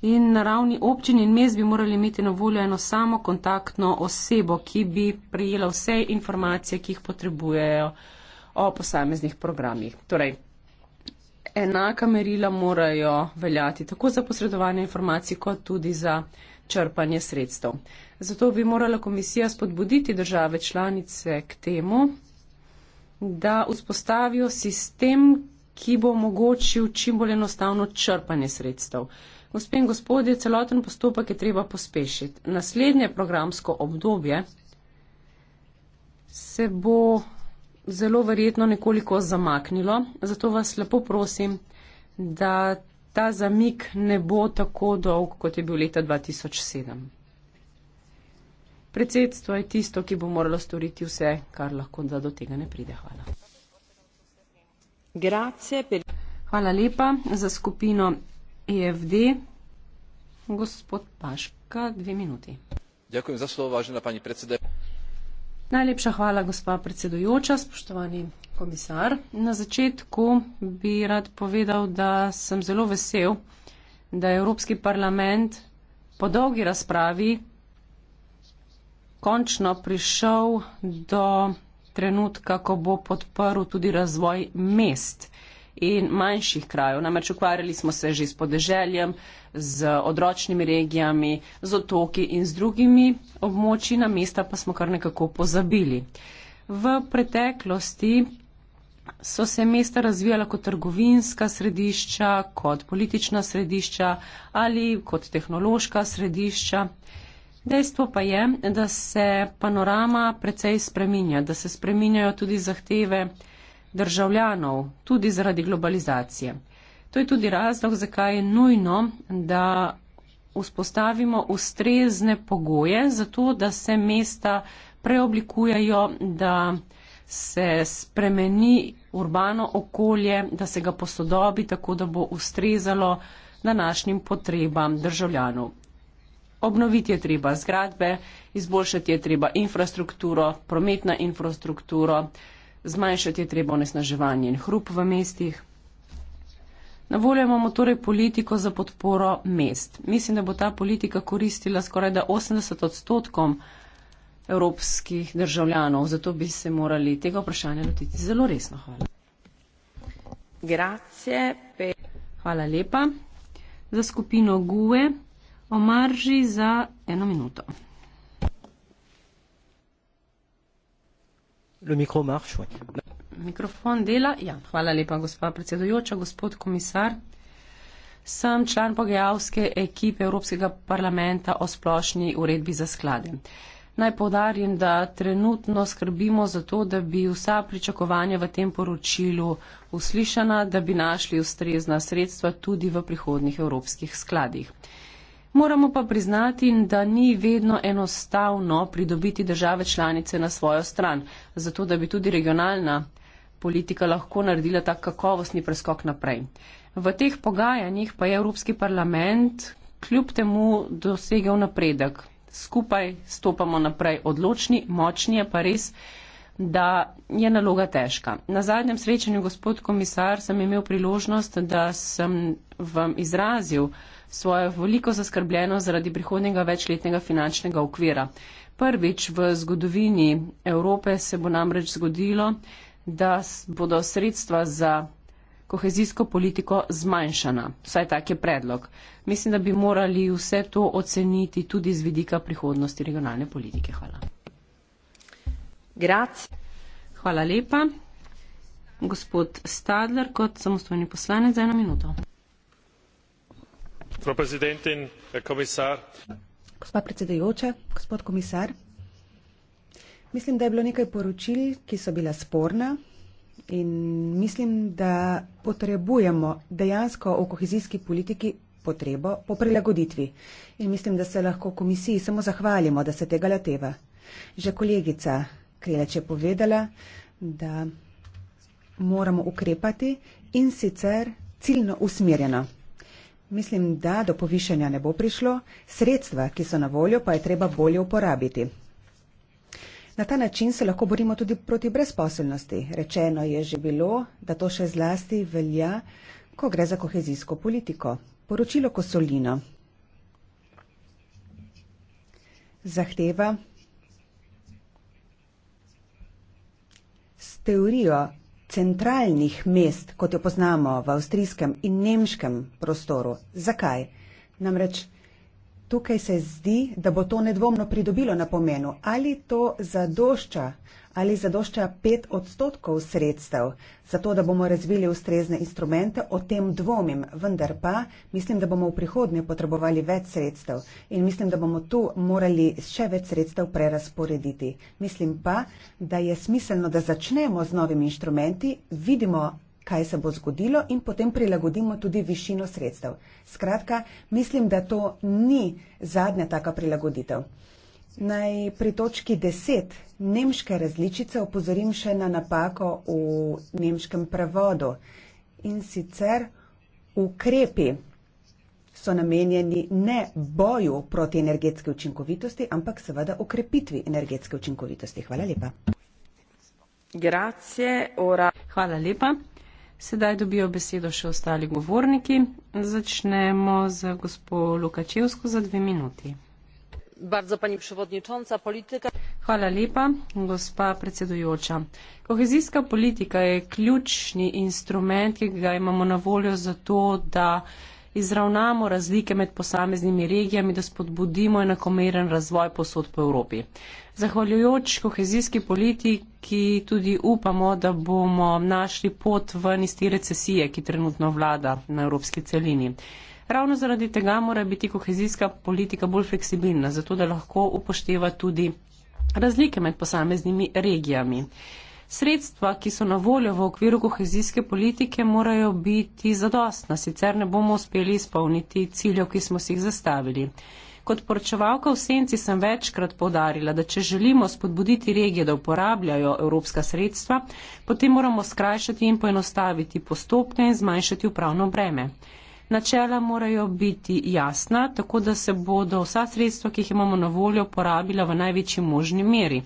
In na ravni občin in mest bi morali imeti na voljo eno samo kontaktno osebo, ki bi prijela vse informacije, ki jih potrebujejo o posameznih programih. Torej, enaka merila morajo veljati tako za posredovanje informacij, kot tudi za črpanje sredstev. Zato bi morala komisija spodbuditi države članice k temu, da vzpostavijo sistem, ki bo omogočil čim bolj enostavno črpanje sredstev. Gospe in gospodje, celoten postopek je treba pospešiti. Naslednje programsko obdobje se bo zelo verjetno nekoliko zamaknilo, zato vas lepo prosim, da ta zamik ne bo tako dolg, kot je bil leta 2007. Predsedstvo je tisto, ki bo moralo storiti vse, kar lahko, da do tega ne pride. Hvala. Hvala lepa za skupino. EFD. Gospod Paška, dve minuti. Ďakujem za slovo, vážená pani predsedajúca. Najlepša hvala, gospa predsedujoča, spoštovani komisar. Na začetku bi rad povedal, da sem zelo vesel, da je Evropski parlament po dolgi razpravi končno prišel do trenutka, ko bo podprl tudi razvoj mest in manjših krajev. Namreč ukvarjali smo se že s podeželjem, z odročnimi regijami, z otoki in z drugimi območji, na mesta pa smo kar nekako pozabili. V preteklosti so se mesta razvijala kot trgovinska središča, kot politična središča ali kot tehnološka središča. Dejstvo pa je, da se panorama precej spreminja, da se spreminjajo tudi zahteve državljanov, tudi zaradi globalizacije. To je tudi razlog, zakaj je nujno, da vzpostavimo ustrezne pogoje za to, da se mesta preoblikujajo, da se spremeni urbano okolje, da se ga posodobi tako, da bo ustrezalo današnjim potrebam državljanov. Obnoviti je treba zgradbe, izboljšati je treba infrastrukturo, prometno infrastrukturo, zmanjšati je treba onesnaževanje in hrup v mestih. Na voljo imamo torej politiko za podporo mest. Mislim, da bo ta politika koristila skoraj da 80 odstotkom evropskih državljanov, zato bi se morali tega vprašanja lotiti zelo resno. Hvala. Grazie, pe... Hvala lepa. Za skupino GUE o marži za eno minuto. Le micro marche, oui. Mikrofon dela. Ja, hvala lepa, gospa predsedujoča, gospod komisar. Sem član pogajalske ekipe Evropskega parlamenta o splošni uredbi za sklade. Naj povdarjam, da trenutno skrbimo za to, da bi vsa pričakovanja v tem poročilu uslišana, da bi našli ustrezna sredstva tudi v prihodnih evropskih skladih. Moramo pa priznati, da ni vedno enostavno pridobiti države članice na svojo stran, zato da bi tudi regionalna politika lahko naredila tak kakovostni preskok naprej. V teh pogajanjih pa je Evropski parlament kljub temu dosegel napredek. Skupaj stopamo naprej odločni, močni je pa res, da je naloga težka. Na zadnjem srečanju, gospod komisar, sem imel priložnost, da sem vam izrazil, svojo veliko zaskrbljenost zaradi prihodnjega večletnega finančnega okvira. Prvič v zgodovini Evrope se bo namreč zgodilo, da bodo sredstva za kohezijsko politiko zmanjšana. Vsaj tak je predlog. Mislim, da bi morali vse to oceniti tudi z vidika prihodnosti regionalne politike. Hvala. Grac. Hvala lepa. Gospod Stadler kot samostojni poslanec za eno minuto gospa predsedujoča gospod komisar mislim da je bilo nekaj poročil ki so bila sporna in mislim da potrebujemo dejansko v kohezijski politiki potrebo po prilagoditvi in mislim da se lahko komisiji samo zahvalimo da se tega lateva že kolegica krileč je povedala da moramo ukrepati in sicer ciljno usmerjeno Mislim, da do povišanja ne bo prišlo, sredstva, ki so na voljo, pa je treba bolje uporabiti. Na ta način se lahko borimo tudi proti brezposelnosti. Rečeno je že bilo, da to še zlasti velja, ko gre za kohezijsko politiko. Poročilo Kosolino zahteva s teorijo centralnih mest, kot jo poznamo v avstrijskem in nemškem prostoru. Zakaj? Namreč tukaj se zdi, da bo to nedvomno pridobilo na pomenu. Ali to zadošča ali zadošča pet odstotkov sredstev. Zato, da bomo razvili ustrezne instrumente, o tem dvomim, vendar pa mislim, da bomo v prihodnje potrebovali več sredstev in mislim, da bomo tu morali še več sredstev prerasporediti. Mislim pa, da je smiselno, da začnemo z novimi inštrumenti, vidimo, kaj se bo zgodilo in potem prilagodimo tudi višino sredstev. Skratka, mislim, da to ni zadnja taka prilagoditev. Naj pri točki 10 nemške različice opozorim še na napako v nemškem prevodu. In sicer ukrepi so namenjeni ne boju proti energetske učinkovitosti, ampak seveda ukrepitvi energetske učinkovitosti. Hvala lepa. Grazie, ora. Hvala lepa. Sedaj dobijo besedo še ostali govorniki. Začnemo z gospod Lukačevsko za dve minuti kohezijska politika je ključni instrument ki ga imamo na voljo zato da izravnamo razlike med posameznimi regijami da spodbudimo enakomeren razvoj posod po evropi zahvaljujoč kohezijski politiki tudi upamo da bomo našli pot ven iz te recesije ki trenutno vlada na evropski celini. Ravno zaradi tega mora biti kohezijska politika bolj fleksibilna, zato da lahko upošteva tudi razlike med posameznimi regijami. Sredstva, ki so na voljo v okviru kohezijske politike, morajo biti zadostna, sicer ne bomo uspeli izpolniti ciljev, ki smo si jih zastavili. Kot poročevalka v senci sem večkrat podarila, da če želimo spodbuditi regije, da uporabljajo evropska sredstva, potem moramo skrajšati in poenostaviti postopke in zmanjšati upravno breme. Načela morajo biti jasna, tako da se bodo vsa sredstva, ki jih imamo na voljo, porabila v največji možni meri.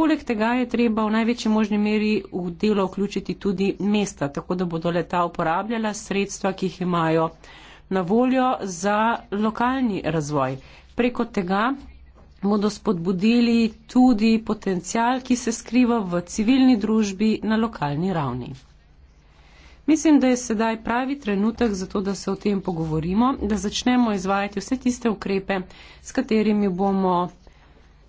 Poleg tega je treba v največji možni meri v delo vključiti tudi mesta, tako da bodo leta uporabljala sredstva, ki jih imajo na voljo za lokalni razvoj. Preko tega bodo spodbudili tudi potencial, ki se skriva v civilni družbi na lokalni ravni. Mislim, da je sedaj pravi trenutek za to, da se o tem pogovorimo, da začnemo izvajati vse tiste ukrepe, s katerimi bomo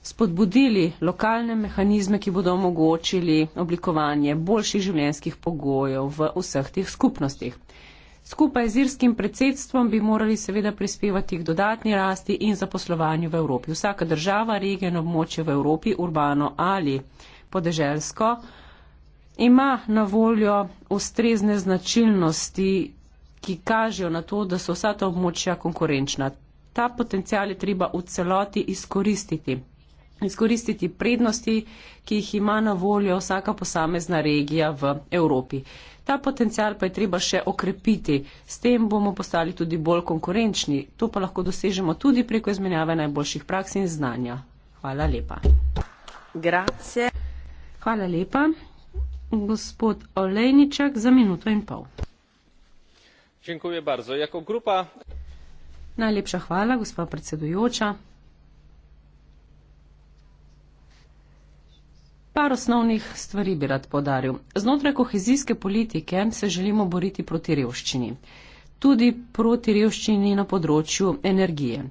spodbudili lokalne mehanizme, ki bodo omogočili oblikovanje boljših življenjskih pogojev v vseh teh skupnostih. Skupaj z irskim predsedstvom bi morali seveda prispevati k dodatni rasti in zaposlovanju v Evropi. Vsaka država, region, območje v Evropi, urbano ali podeželsko, ima na voljo ustrezne značilnosti, ki kažejo na to, da so vsa ta območja konkurenčna. Ta potencijal je treba v celoti izkoristiti. Izkoristiti prednosti, ki jih ima na voljo vsaka posamezna regija v Evropi. Ta potencijal pa je treba še okrepiti. S tem bomo postali tudi bolj konkurenčni. To pa lahko dosežemo tudi preko izmenjave najboljših praks in znanja. Hvala lepa. Grazie. Hvala lepa gospod olejniček za minuto in pol. Dziękuję bardzo. Jako grupa... Najlepša hvala, gospa predsedujoča. Par osnovnih stvari bi rad podaril. Znotraj kohezijske politike se želimo boriti proti revščini. Tudi proti revščini na področju energije.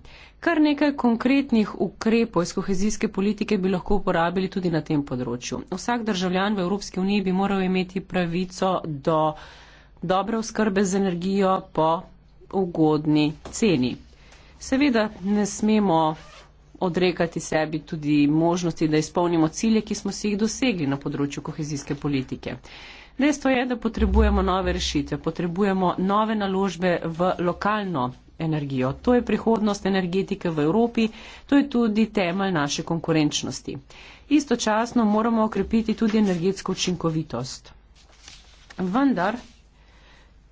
Kar nekaj konkretnih ukrepov iz kohezijske politike bi lahko uporabili tudi na tem področju. Vsak državljan v Evropski uniji bi moral imeti pravico do dobre oskrbe z energijo po ugodni ceni. Seveda ne smemo odrekati sebi tudi možnosti, da izpolnimo cilje, ki smo si jih dosegli na področju kohezijske politike. Dejstvo je, da potrebujemo nove rešitve, potrebujemo nove naložbe v lokalno energijo. To je prihodnost energetike v Evropi, to je tudi temelj naše konkurenčnosti. Istočasno moramo okrepiti tudi energetsko učinkovitost. Vendar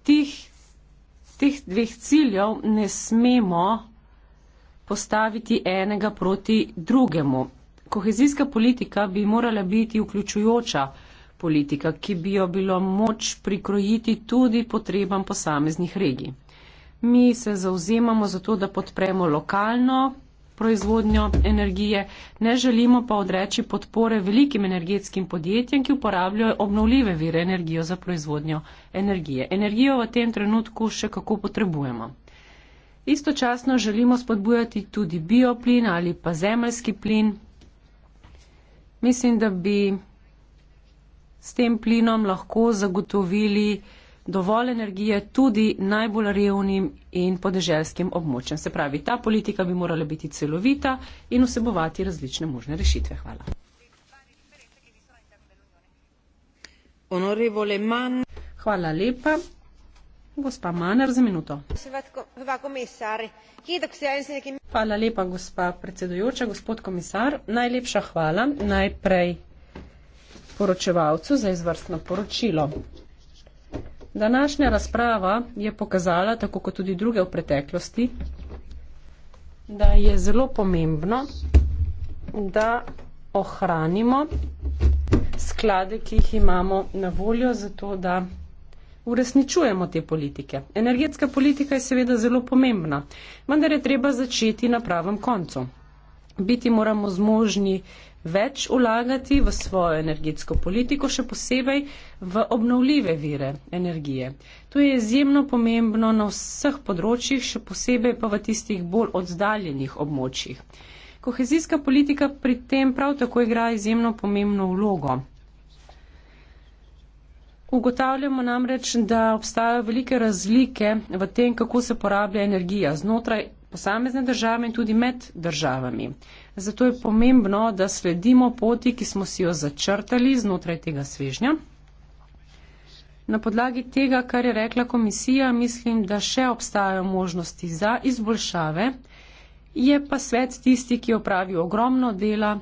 tih, teh dveh ciljev ne smemo postaviti enega proti drugemu. Kohezijska politika bi morala biti vključujoča politika, ki bi jo bilo moč prikrojiti tudi potrebam posameznih regij. Mi se zauzemamo za to, da podpremo lokalno proizvodnjo energije, ne želimo pa odreči podpore velikim energetskim podjetjem, ki uporabljajo obnovljive vire energijo za proizvodnjo energije. Energijo v tem trenutku še kako potrebujemo. Istočasno želimo spodbujati tudi bioplin ali pa zemljski plin. Mislim, da bi s tem plinom lahko zagotovili dovolj energije tudi najbolj revnim in podeželskim območjem. Se pravi, ta politika bi morala biti celovita in vsebovati različne možne rešitve. Hvala. Hvala lepa. Gospa Manar za minuto. Hvala lepa, gospa predsedujoča, gospod komisar. Najlepša hvala najprej poročevalcu za izvrstno poročilo. Današnja razprava je pokazala, tako kot tudi druge v preteklosti, da je zelo pomembno, da ohranimo sklade, ki jih imamo na voljo, zato da uresničujemo te politike. Energetska politika je seveda zelo pomembna, vendar je treba začeti na pravem koncu. Biti moramo zmožni več ulagati v svojo energetsko politiko, še posebej v obnovljive vire energije. To je izjemno pomembno na vseh področjih, še posebej pa v tistih bolj oddaljenih območjih. Kohezijska politika pri tem prav tako igra izjemno pomembno vlogo. Ugotavljamo namreč, da obstajajo velike razlike v tem, kako se porablja energija znotraj posamezne države in tudi med državami. Zato je pomembno, da sledimo poti, ki smo si jo začrtali znotraj tega svežnja. Na podlagi tega, kar je rekla komisija, mislim, da še obstajajo možnosti za izboljšave, je pa svet tisti, ki opravi ogromno dela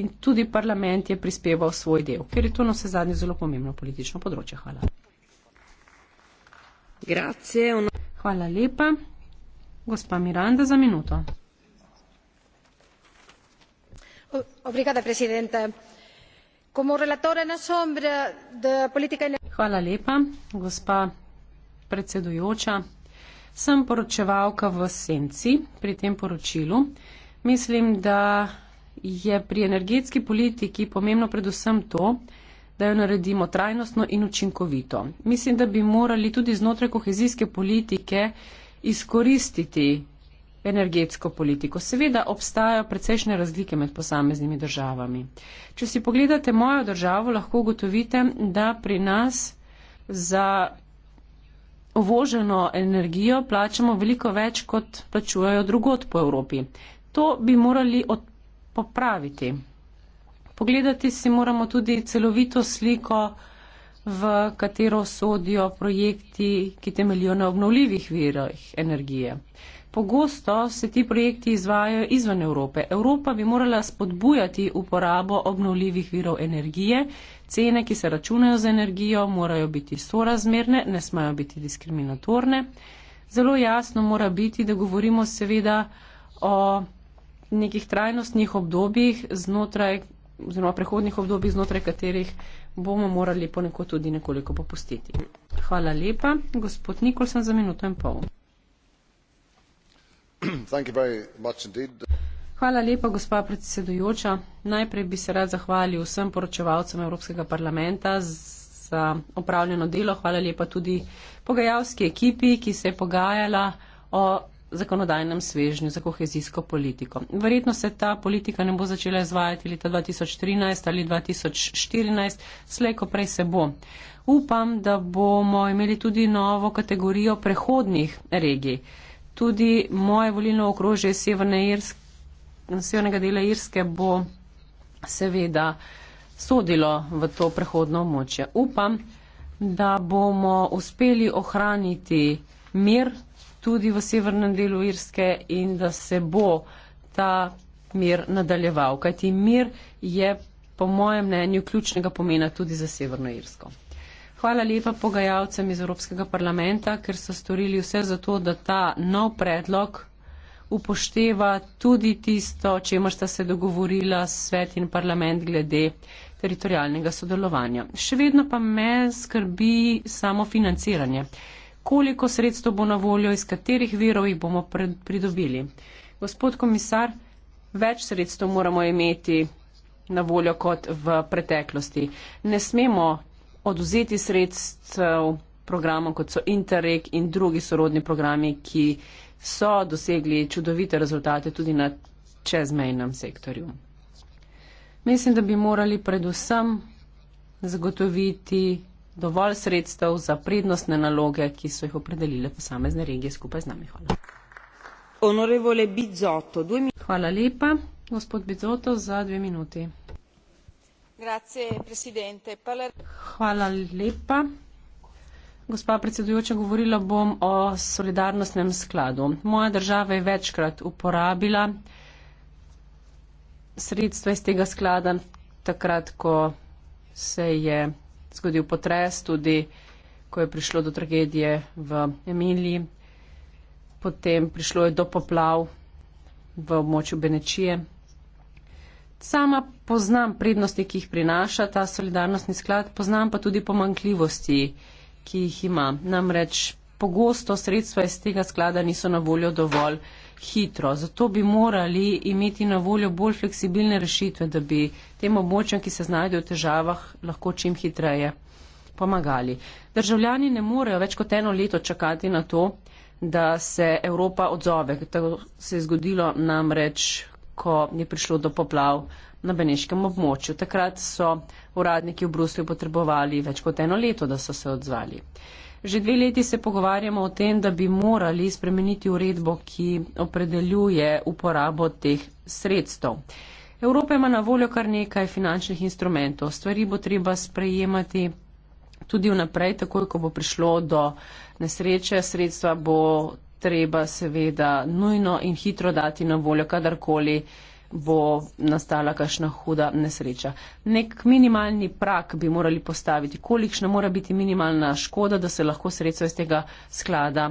in tudi parlament je prispeval svoj del, ker je to na vse zadnje zelo pomembno politično področje. Hvala. Grazie. Hvala lepa gospa Miranda za minuto. Hvala lepa, gospa predsedujoča. Sem poročevalka v senci pri tem poročilu. Mislim, da je pri energetski politiki pomembno predvsem to, da jo naredimo trajnostno in učinkovito. Mislim, da bi morali tudi znotraj kohezijske politike izkoristiti energetsko politiko. Seveda obstajajo precejšnje razlike med posameznimi državami. Če si pogledate mojo državo, lahko ugotovite, da pri nas za uvoženo energijo plačamo veliko več, kot plačujejo drugot po Evropi. To bi morali popraviti. Pogledati si moramo tudi celovito sliko v katero sodijo projekti, ki temeljijo na obnovljivih virah energije. Pogosto se ti projekti izvajajo izven Evrope. Evropa bi morala spodbujati uporabo obnovljivih virov energije. Cene, ki se računajo za energijo, morajo biti sorazmerne, ne smajo biti diskriminatorne. Zelo jasno mora biti, da govorimo seveda o nekih trajnostnih obdobjih znotraj oziroma prehodnih obdobjih, znotraj katerih bomo morali ponekod tudi nekoliko popustiti. Hvala lepa, gospod Nikolsen, za minuto in pol. (clears throat) Hvala lepa, gospa predsedujoča. Najprej bi se rad zahvalil vsem poročevalcem Evropskega parlamenta za opravljeno delo. Hvala lepa tudi pogajalski ekipi, ki se je pogajala o zakonodajnem svežnju za kohezijsko politiko. Verjetno se ta politika ne bo začela izvajati leta 2013 ali 2014, slejko prej se bo. Upam, da bomo imeli tudi novo kategorijo prehodnih regij. Tudi moje volilno okrožje Severne Irske, severnega dela Irske bo seveda sodilo v to prehodno območje. Upam, da bomo uspeli ohraniti mir tudi v severnem delu Irske in da se bo ta mir nadaljeval. Kajti mir je po mojem mnenju ključnega pomena tudi za severno Irsko. Hvala lepa pogajalcem iz Evropskega parlamenta, ker so storili vse za to, da ta nov predlog upošteva tudi tisto, čemer sta se dogovorila svet in parlament glede teritorijalnega sodelovanja. Še vedno pa me skrbi samo financiranje koliko sredstev bo na voljo, iz katerih virov jih bomo pridobili. Gospod komisar, več sredstev moramo imeti na voljo kot v preteklosti. Ne smemo oduzeti sredstev programom, kot so Interreg in drugi sorodni programi, ki so dosegli čudovite rezultate tudi na čezmejnem sektorju. Mislim, da bi morali predvsem zagotoviti dovolj sredstev za prednostne naloge, ki so jih opredelile posamezne regije skupaj z nami. Hvala. Hvala lepa, gospod Bizoto, za dve minuti. Hvala lepa. Gospa predsedujoča, govorila bom o solidarnostnem skladu. Moja država je večkrat uporabila sredstva iz tega sklada, takrat, ko se je zgodil potres, tudi ko je prišlo do tragedije v Emiliji, potem prišlo je do poplav v območju Benečije. Sama poznam prednosti, ki jih prinaša ta solidarnostni sklad, poznam pa tudi pomankljivosti, ki jih ima. Namreč pogosto sredstva iz tega sklada niso na voljo dovolj hitro. Zato bi morali imeti na voljo bolj fleksibilne rešitve, da bi tem območjem, ki se znajdejo v težavah, lahko čim hitreje pomagali. Državljani ne morejo več kot eno leto čakati na to, da se Evropa odzove. Tako se je zgodilo namreč, ko je prišlo do poplav na Beneškem območju. Takrat so uradniki v Bruslju potrebovali več kot eno leto, da so se odzvali. Že dve leti se pogovarjamo o tem, da bi morali spremeniti uredbo, ki opredeljuje uporabo teh sredstev. Evropa ima na voljo kar nekaj finančnih instrumentov. Stvari bo treba sprejemati tudi vnaprej, takoj, ko bo prišlo do nesreče. Sredstva bo treba seveda nujno in hitro dati na voljo, kadarkoli bo nastala kakšna huda nesreča. Nek minimalni prak bi morali postaviti, kolikšna mora biti minimalna škoda, da se lahko sredstva iz tega sklada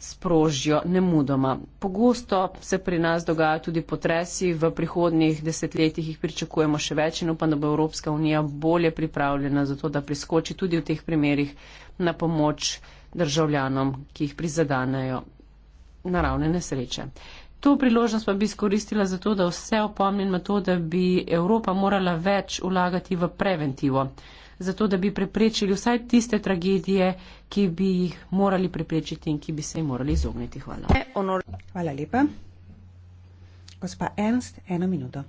sprožijo nemudoma. Pogosto se pri nas dogajajo tudi potresi, v prihodnjih desetletjih jih pričakujemo še več in upam, da bo Evropska unija bolje pripravljena za to, da priskoči tudi v teh primerih na pomoč državljanom, ki jih prizadanejo naravne nesreče. To priložnost pa bi skoristila za to, da vse opomnim na to, da bi Evropa morala več ulagati v preventivo, zato da bi preprečili vsaj tiste tragedije, ki bi jih morali preprečiti in ki bi se jim morali izogniti. Hvala. Hvala lepa. Gospa Ernst, eno minuto.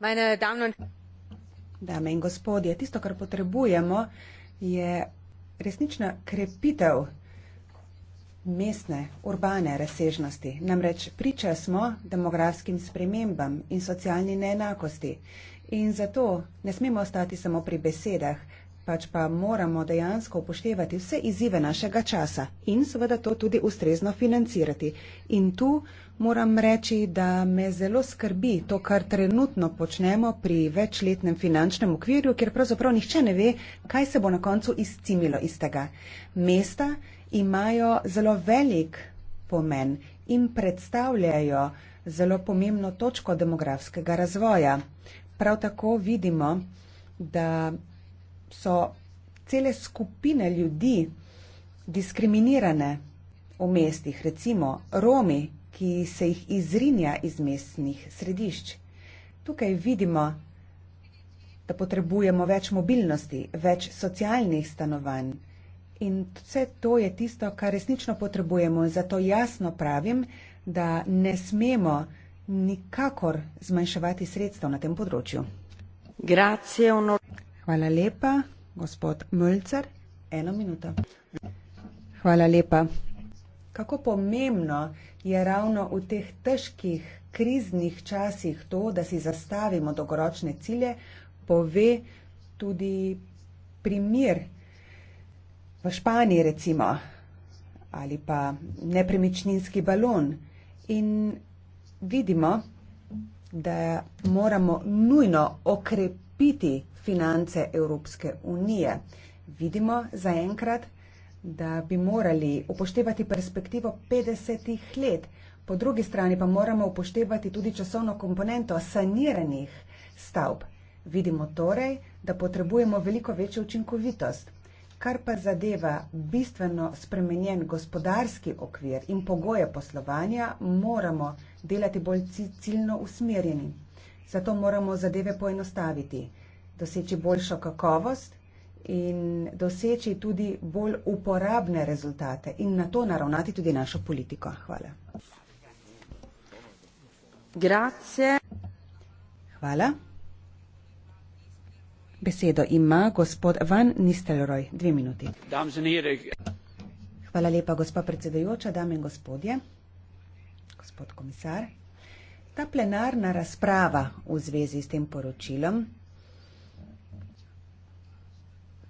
Meine Damen, Dame in gospodje, tisto, kar potrebujemo, je resnična krepitev mestne, urbane razsežnosti. Namreč priča smo demografskim spremembam in socialni neenakosti. In zato ne smemo ostati samo pri besedah, pač pa moramo dejansko upoštevati vse izzive našega časa in seveda to tudi ustrezno financirati. In tu moram reči, da me zelo skrbi to, kar trenutno počnemo pri večletnem finančnem okvirju, kjer pravzaprav nihče ne ve, kaj se bo na koncu izcimilo iz tega. Mesta imajo zelo velik pomen in predstavljajo zelo pomembno točko demografskega razvoja. Prav tako vidimo, da so cele skupine ljudi diskriminirane v mestih, recimo Romi, ki se jih izrinja iz mestnih središč. Tukaj vidimo, da potrebujemo več mobilnosti, več socialnih stanovanj in vse to je tisto, kar resnično potrebujemo. Zato jasno pravim, da ne smemo nikakor zmanjševati sredstev na tem področju. Grazie, ono... Hvala lepa, gospod Mulcer. Eno minuto. Hvala lepa. Kako pomembno je ravno v teh težkih kriznih časih to, da si zastavimo dolgoročne cilje, pove tudi primer v Španiji recimo ali pa nepremičninski balon in vidimo, da moramo nujno okrepiti finance Evropske unije. Vidimo zaenkrat, da bi morali upoštevati perspektivo 50 let, po drugi strani pa moramo upoštevati tudi časovno komponento saniranih stavb. Vidimo torej, da potrebujemo veliko večjo učinkovitost. Kar pa zadeva bistveno spremenjen gospodarski okvir in pogoje poslovanja, moramo delati bolj ciljno usmerjeni. Zato moramo zadeve poenostaviti, doseči boljšo kakovost in doseči tudi bolj uporabne rezultate in na to naravnati tudi našo politiko. Hvala. Grazie. Hvala. Besedo ima gospod Van Nistelroj. Dve minuti. Hvala lepa, gospa predsedajoča, dame in gospodje, gospod komisar. Ta plenarna razprava v zvezi s tem poročilom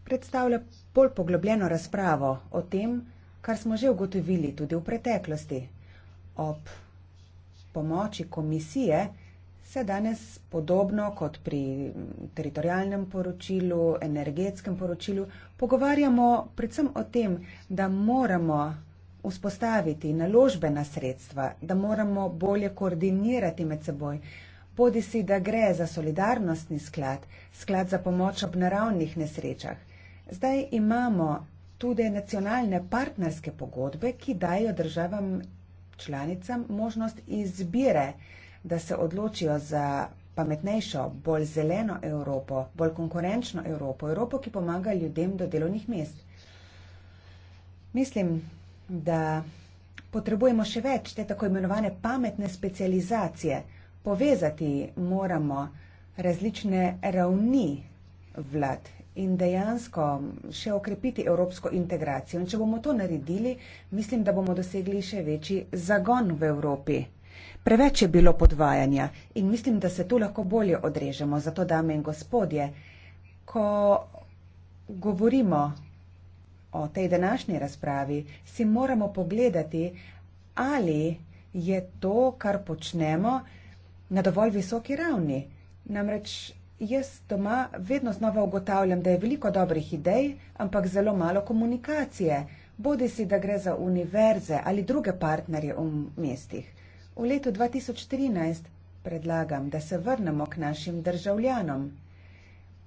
predstavlja bolj poglobljeno razpravo o tem, kar smo že ugotovili tudi v preteklosti. Ob pomoči komisije Se danes podobno kot pri teritorijalnem poročilu, energetskem poročilu, pogovarjamo predvsem o tem, da moramo vzpostaviti naložbena sredstva, da moramo bolje koordinirati med seboj. Bodi si, da gre za solidarnostni sklad, sklad za pomoč ob naravnih nesrečah. Zdaj imamo tudi nacionalne partnerske pogodbe, ki dajo državam članicam možnost izbire da se odločijo za pametnejšo, bolj zeleno Evropo, bolj konkurenčno Evropo, Evropo, ki pomaga ljudem do delovnih mest. Mislim, da potrebujemo še več te tako imenovane pametne specializacije. Povezati moramo različne ravni vlad in dejansko še okrepiti evropsko integracijo. In če bomo to naredili, mislim, da bomo dosegli še večji zagon v Evropi. Preveč je bilo podvajanja in mislim, da se tu lahko bolje odrežemo. Zato, dame in gospodje, ko govorimo o tej današnji razpravi, si moramo pogledati, ali je to, kar počnemo, na dovolj visoki ravni. Namreč jaz doma vedno znova ugotavljam, da je veliko dobrih idej, ampak zelo malo komunikacije, bodi si, da gre za univerze ali druge partnerje v mestih. V letu 2013 predlagam, da se vrnemo k našim državljanom.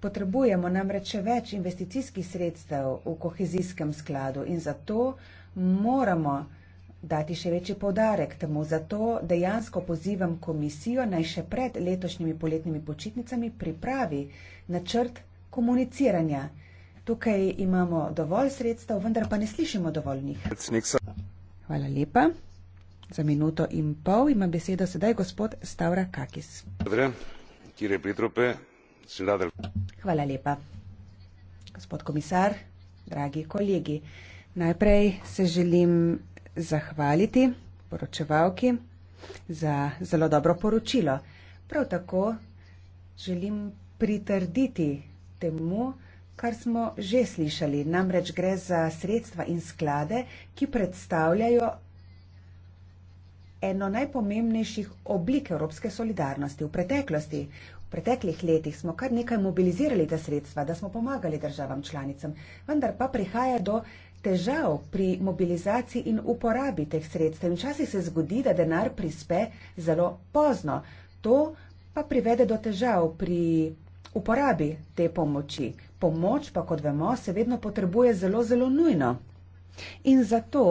Potrebujemo namreč še več investicijskih sredstev v kohezijskem skladu in zato moramo dati še večji povdarek temu, zato dejansko pozivam komisijo naj še pred letošnjimi poletnimi počitnicami pripravi načrt komuniciranja. Tukaj imamo dovolj sredstev, vendar pa ne slišimo dovolj njih. Hvala lepa. Za minuto in pol ima besedo sedaj gospod Stavra Kakis. Hvala lepa. Gospod komisar, dragi kolegi, najprej se želim zahvaliti poročevalki za zelo dobro poročilo. Prav tako želim pritrditi temu, kar smo že slišali. Namreč gre za sredstva in sklade, ki predstavljajo eno najpomembnejših oblik evropske solidarnosti v preteklosti. V preteklih letih smo kar nekaj mobilizirali ta sredstva, da smo pomagali državam članicam, vendar pa prihaja do težav pri mobilizaciji in uporabi teh sredstev. Včasih se zgodi, da denar prispe zelo pozno. To pa privede do težav pri uporabi te pomoči. Pomoč pa, kot vemo, se vedno potrebuje zelo, zelo nujno. In zato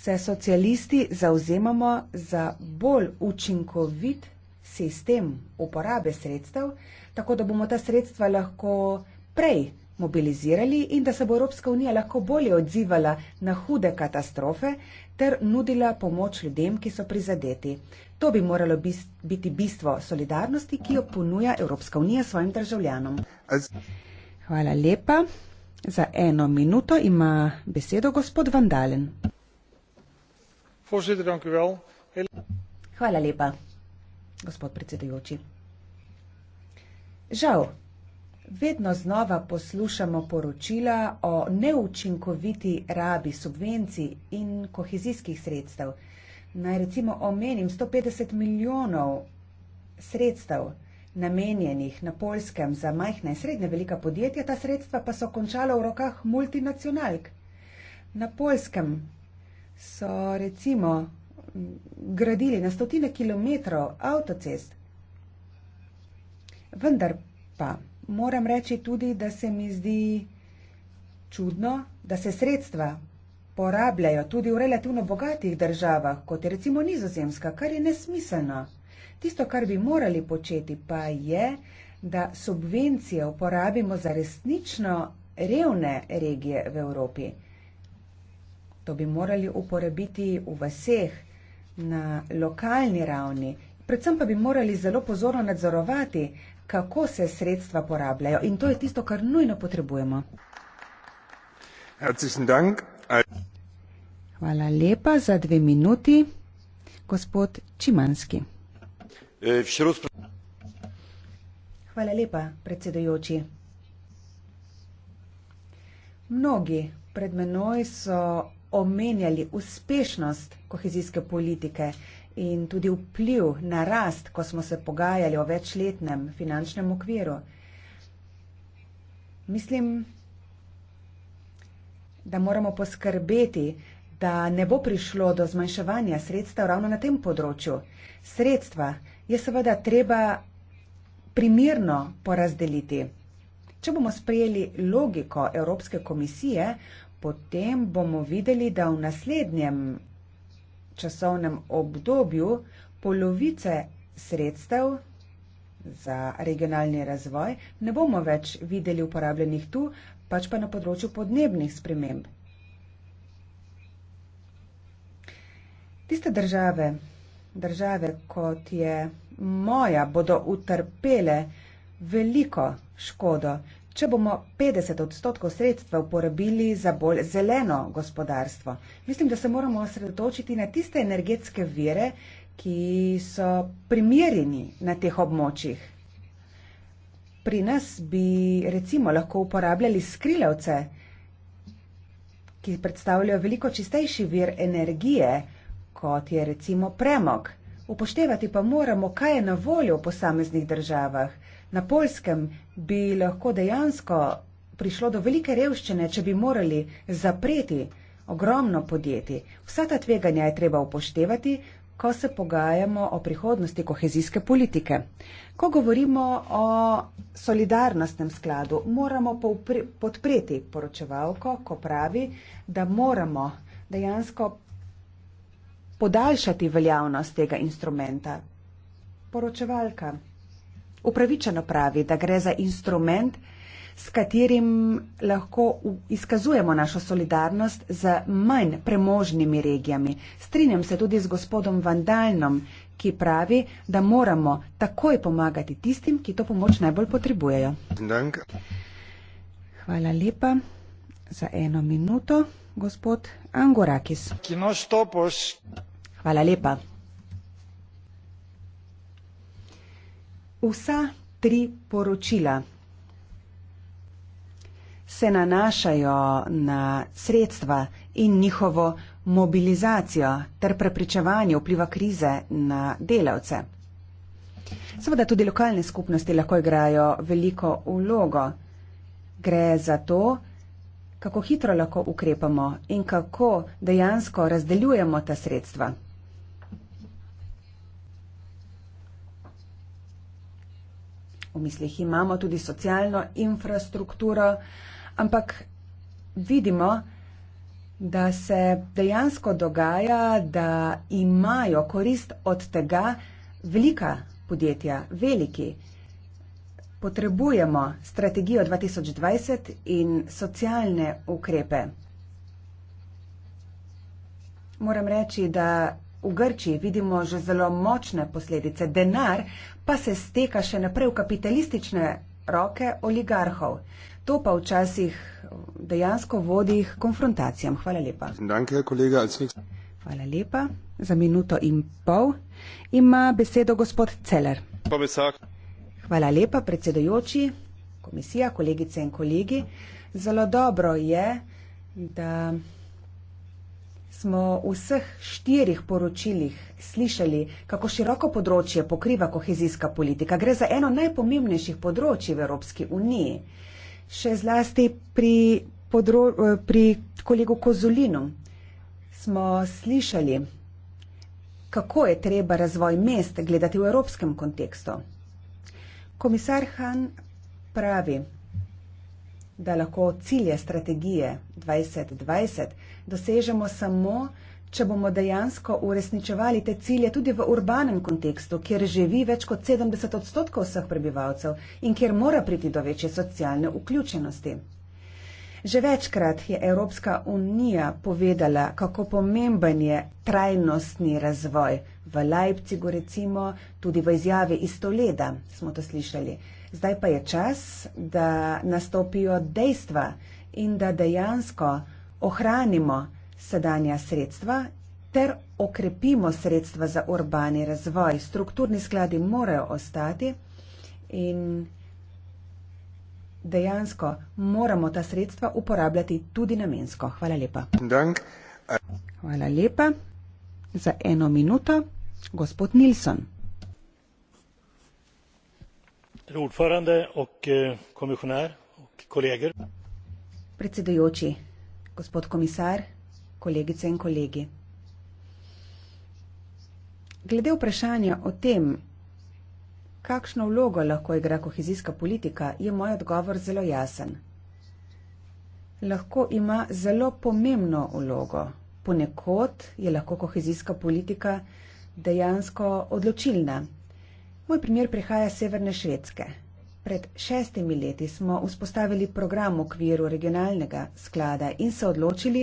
se socialisti zauzemamo za bolj učinkovit sistem uporabe sredstev, tako da bomo ta sredstva lahko prej mobilizirali in da se bo Evropska unija lahko bolje odzivala na hude katastrofe ter nudila pomoč ljudem, ki so prizadeti. To bi moralo biti bistvo solidarnosti, ki jo ponuja Evropska unija svojim državljanom. Hvala lepa. Za eno minuto ima besedo gospod Vandalen. Voorzitter, dank u wel. Heel... Hvala lepa, gospod predsedujoči. Žal, vedno znova poslušamo poročila o neučinkoviti rabi subvencij in kohezijskih sredstev. Naj recimo omenim 150 milijonov sredstev namenjenih na Poljskem za majhna in srednje velika podjetja, ta sredstva pa so končala v rokah multinacionalk. Na Poljskem so recimo gradili na stotine kilometrov avtocest. Vendar pa moram reči tudi, da se mi zdi čudno, da se sredstva porabljajo tudi v relativno bogatih državah, kot je recimo nizozemska, kar je nesmiselno. Tisto, kar bi morali početi, pa je, da subvencije uporabimo za resnično revne regije v Evropi. To bi morali uporabiti v vseh, na lokalni ravni. Predvsem pa bi morali zelo pozorno nadzorovati, kako se sredstva porabljajo. In to je tisto, kar nujno potrebujemo. Hvala lepa za dve minuti. Gospod Čimanski. Eh, Hvala lepa, predsedujoči. Mnogi pred menoj so omenjali uspešnost kohezijske politike in tudi vpliv na rast, ko smo se pogajali o večletnem finančnem okviru. Mislim, da moramo poskrbeti, da ne bo prišlo do zmanjševanja sredstev ravno na tem področju. Sredstva je seveda treba primirno porazdeliti. Če bomo sprejeli logiko Evropske komisije, potem bomo videli, da v naslednjem časovnem obdobju polovice sredstev za regionalni razvoj ne bomo več videli uporabljenih tu, pač pa na področju podnebnih sprememb. Tiste države, države kot je moja, bodo utrpele veliko škodo, če bomo 50 odstotkov sredstev porabili za bolj zeleno gospodarstvo. Mislim, da se moramo osredotočiti na tiste energetske vire, ki so primerjeni na teh območjih. Pri nas bi recimo lahko uporabljali skrilevce, ki predstavljajo veliko čistejši vir energije, kot je recimo premog. Upoštevati pa moramo, kaj je na voljo v posameznih državah. Na polskem bi lahko dejansko prišlo do velike revščine, če bi morali zapreti ogromno podjetij. Vsa ta tveganja je treba upoštevati, ko se pogajamo o prihodnosti kohezijske politike. Ko govorimo o solidarnostnem skladu, moramo podpreti poročevalko, ko pravi, da moramo dejansko podaljšati veljavnost tega instrumenta. Poročevalka upravičeno pravi, da gre za instrument, s katerim lahko izkazujemo našo solidarnost z manj premožnimi regijami. Strinjam se tudi z gospodom Vandalnom, ki pravi, da moramo takoj pomagati tistim, ki to pomoč najbolj potrebujejo. Hvala lepa za eno minuto, gospod Angorakis. Hvala lepa. Vsa tri poročila se nanašajo na sredstva in njihovo mobilizacijo ter prepričevanje vpliva krize na delavce. Seveda tudi lokalne skupnosti lahko igrajo veliko vlogo. Gre za to, kako hitro lahko ukrepamo in kako dejansko razdeljujemo ta sredstva. V mislih imamo tudi socialno infrastrukturo, ampak vidimo, da se dejansko dogaja, da imajo korist od tega velika podjetja, veliki. Potrebujemo strategijo 2020 in socialne ukrepe. Moram reči, da V Grčiji vidimo že zelo močne posledice. Denar pa se steka še naprej v kapitalistične roke oligarhov. To pa včasih dejansko vodi k konfrontacijam. Hvala lepa. Danke, kolega, Hvala lepa. Za minuto in pol ima besedo gospod Celer. Hvala lepa, predsedojoči, komisija, kolegice in kolegi. Zelo dobro je, da smo v vseh štirih poročilih slišali, kako široko področje pokriva kohezijska politika. Gre za eno najpomembnejših področji v Evropski uniji. Še zlasti pri, podro, pri kolegu Kozulinu smo slišali, kako je treba razvoj mest gledati v evropskem kontekstu. Komisar Han pravi, da lahko cilje strategije 2020 dosežemo samo, če bomo dejansko uresničevali te cilje tudi v urbanem kontekstu, kjer živi več kot 70 odstotkov vseh prebivalcev in kjer mora priti do večje socialne vključenosti. Že večkrat je Evropska unija povedala, kako pomemben je trajnostni razvoj. V Leipzigu recimo, tudi v izjavi iz Toleda smo to slišali. Zdaj pa je čas, da nastopijo dejstva in da dejansko ohranimo sedanja sredstva ter okrepimo sredstva za urbani razvoj. Strukturni skladi morajo ostati in dejansko moramo ta sredstva uporabljati tudi namensko. Hvala lepa. Hvala lepa. Za eno minuto, gospod Nilsson. Eh, Predsedujoči, gospod komisar, kolegice in kolegi. Glede vprašanja o tem, kakšno vlogo lahko igra kohezijska politika, je moj odgovor zelo jasen. Lahko ima zelo pomembno vlogo. Ponekod je lahko kohezijska politika dejansko odločilna. Moj primer prihaja iz Severne Švedske. Pred šestimi leti smo vzpostavili program v okviru regionalnega sklada in se odločili,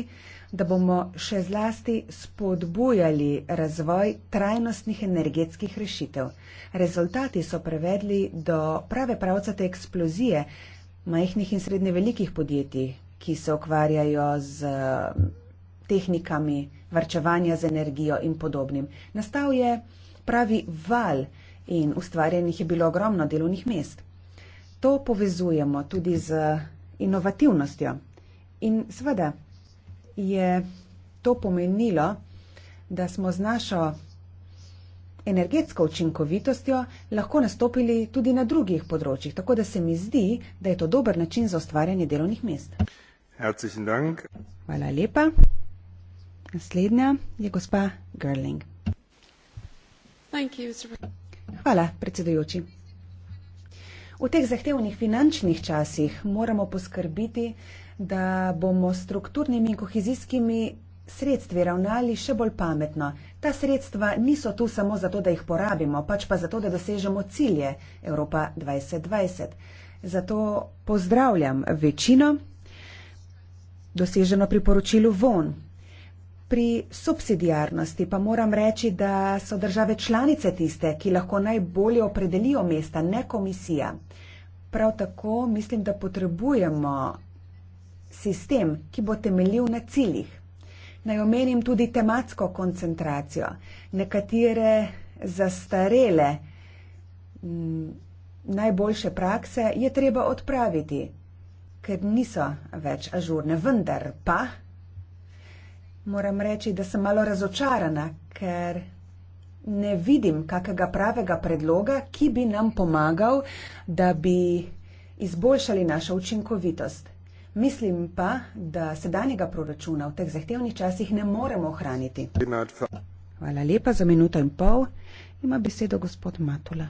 da bomo še zlasti spodbujali razvoj trajnostnih energetskih rešitev. Rezultati so prevedli do prave pravcate eksplozije majhnih in srednje velikih podjetij, ki se ukvarjajo z tehnikami varčevanja z energijo in podobnim. Nastal je pravi val in ustvarjenih je bilo ogromno delovnih mest to povezujemo tudi z inovativnostjo. In seveda je to pomenilo, da smo z našo energetsko učinkovitostjo lahko nastopili tudi na drugih področjih. Tako da se mi zdi, da je to dober način za ustvarjanje delovnih mest. Hvala lepa. Naslednja je gospa Gerling. Hvala, predsedujoči. V teh zahtevnih finančnih časih moramo poskrbiti, da bomo s strukturnimi in kohezijskimi sredstvi ravnali še bolj pametno. Ta sredstva niso tu samo zato, da jih porabimo, pač pa zato, da dosežemo cilje Evropa 2020. Zato pozdravljam večino doseženo priporočilu VON. Pri subsidijarnosti pa moram reči, da so države članice tiste, ki lahko najbolje opredelijo mesta, ne komisija. Prav tako mislim, da potrebujemo sistem, ki bo temeljil na ciljih. Naj omenim tudi tematsko koncentracijo. Nekatere zastarele, m, mm, najboljše prakse je treba odpraviti, ker niso več ažurne. Vendar pa moram reči, da sem malo razočarana, ker ne vidim kakega pravega predloga, ki bi nam pomagal, da bi izboljšali našo učinkovitost. Mislim pa, da sedanjega proračuna v teh zahtevnih časih ne moremo ohraniti. Hvala lepa za minuto in pol. Ima besedo gospod Matula.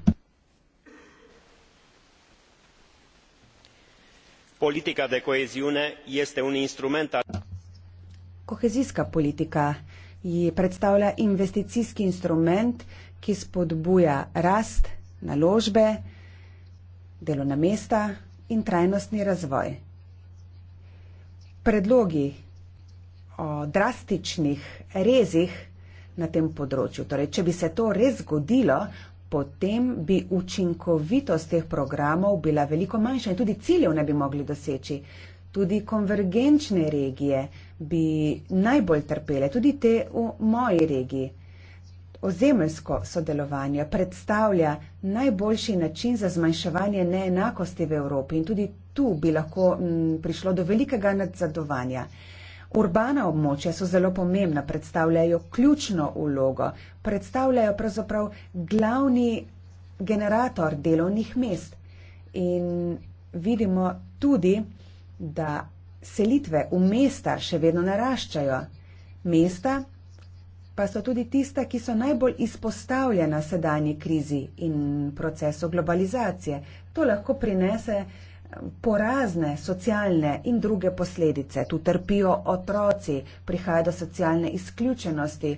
Politika de coeziune este un instrument al kohezijska politika. Ji predstavlja investicijski instrument, ki spodbuja rast, naložbe, delovna mesta in trajnostni razvoj. Predlogi o drastičnih rezih na tem področju, torej, če bi se to res zgodilo, potem bi učinkovitost teh programov bila veliko manjša in tudi ciljev ne bi mogli doseči. Tudi konvergenčne regije bi najbolj trpele, tudi te v moji regiji. Ozemeljsko sodelovanje predstavlja najboljši način za zmanjševanje neenakosti v Evropi in tudi tu bi lahko m, mm, prišlo do velikega nadzadovanja. Urbana območja so zelo pomembna, predstavljajo ključno ulogo, predstavljajo pravzaprav glavni generator delovnih mest. In vidimo tudi, da selitve v mesta še vedno naraščajo. Mesta pa so tudi tista, ki so najbolj izpostavljena sedanji krizi in procesu globalizacije. To lahko prinese eh, porazne socialne in druge posledice. Tu trpijo otroci, prihaja do socialne izključenosti.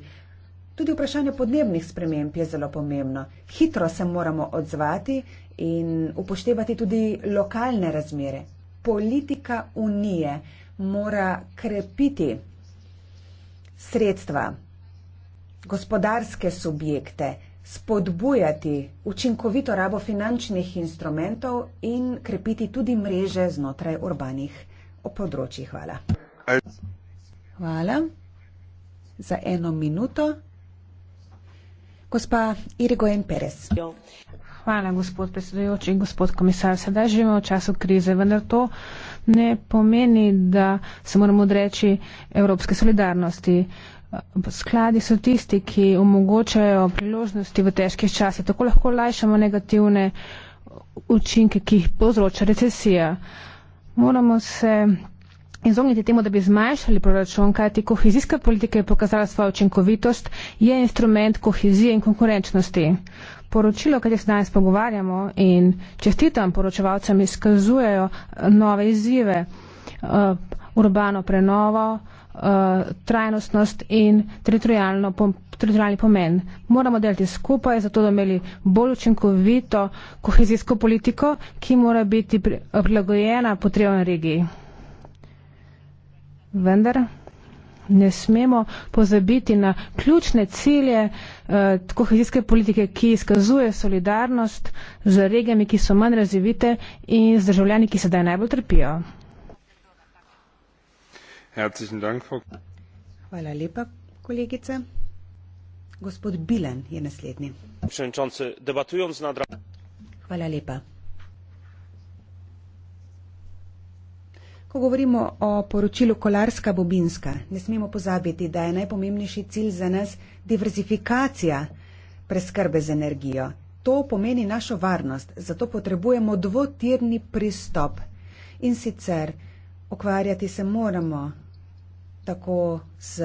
Tudi vprašanje podnebnih sprememb je zelo pomembno. Hitro se moramo odzvati in upoštevati tudi lokalne razmere politika unije mora krepiti sredstva, gospodarske subjekte, spodbujati učinkovito rabo finančnih instrumentov in krepiti tudi mreže znotraj urbanih področjih. Hvala. Hvala za eno minuto. Gospa Irigoyen Perez. Jo. Hvala, gospod predsedujoči in gospod komisar. Sedaj živimo v času krize, vendar to ne pomeni, da se moramo odreči evropske solidarnosti. Skladi so tisti, ki omogočajo priložnosti v težkih časih. Tako lahko lajšamo negativne učinke, ki jih povzroča recesija. Moramo se izogniti temu, da bi zmanjšali proračun, kajti kohezijska politika je pokazala svojo učinkovitost, je instrument kohezije in konkurenčnosti poročilo, o katerem se danes pogovarjamo in čestitam poročevalcem, izkazujejo nove izzive, eh, urbano prenovo, eh, trajnostnost in teritorijalni pomen. Moramo delati skupaj, zato da imeli bolj učinkovito kohezijsko politiko, ki mora biti prilagojena potrebam regiji. Vendar. Ne smemo pozabiti na ključne cilje eh, kohezijske politike, ki izkazuje solidarnost z regijami, ki so manj razvite in z državljani, ki sedaj najbolj trpijo. Hvala lepa, kolegice. Gospod Bilen je naslednji. Hvala lepa. Ko govorimo o poročilu Kolarska-Bobinska, ne smemo pozabiti, da je najpomembnejši cilj za nas diverzifikacija preskrbe z energijo. To pomeni našo varnost, zato potrebujemo dvotirni pristop. In sicer okvarjati se moramo tako s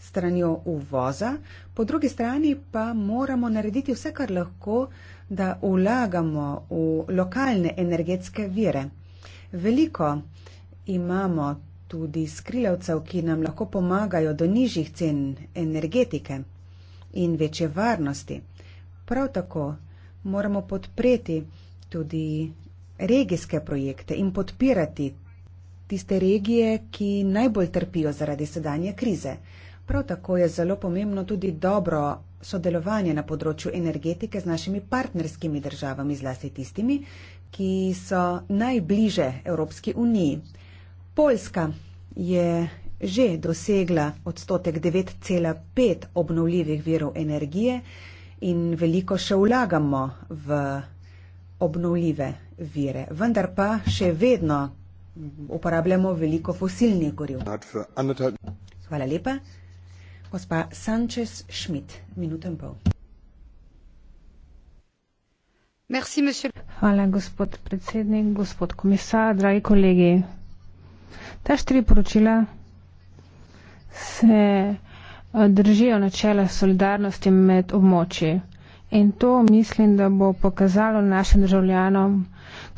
stranjo uvoza, po drugi strani pa moramo narediti vse, kar lahko, da vlagamo v lokalne energetske vire. Veliko imamo tudi skrilavcev, ki nam lahko pomagajo do nižjih cen energetike in večje varnosti. Prav tako moramo podpreti tudi regijske projekte in podpirati tiste regije, ki najbolj trpijo zaradi sedanje krize. Prav tako je zelo pomembno tudi dobro sodelovanje na področju energetike z našimi partnerskimi državami, zlasti tistimi, ki so najbliže Evropski uniji. Poljska je že dosegla odstotek 9,5 obnovljivih virov energije in veliko še vlagamo v obnovljive vire. Vendar pa še vedno uporabljamo veliko fosilnih goriv. Hvala lepa. Gospa Sanchez Schmidt, minuto in pol. Hvala, gospod predsednik, gospod komisar, dragi kolegi. Ta štiri poročila se eh, držijo načela solidarnosti med območji. In to mislim, da bo pokazalo našim državljanom,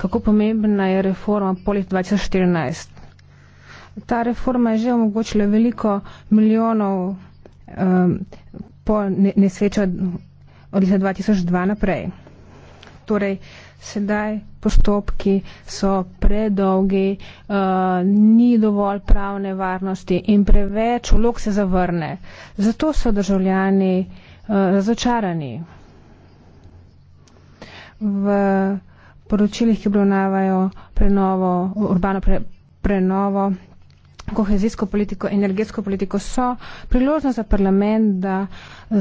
kako pomembna je reforma poleg 2014. Ta reforma je že omogočila veliko milijonov um, po nesreča od leta 2002 naprej. Torej, sedaj postopki so predolgi, uh, ni dovolj pravne varnosti in preveč vlog se zavrne. Zato so državljani eh, razočarani. Uh, v poročilih, ki obravnavajo prenovo, urbano pre, prenovo, kohezijsko politiko, energetsko politiko, so priložnost za parlament, da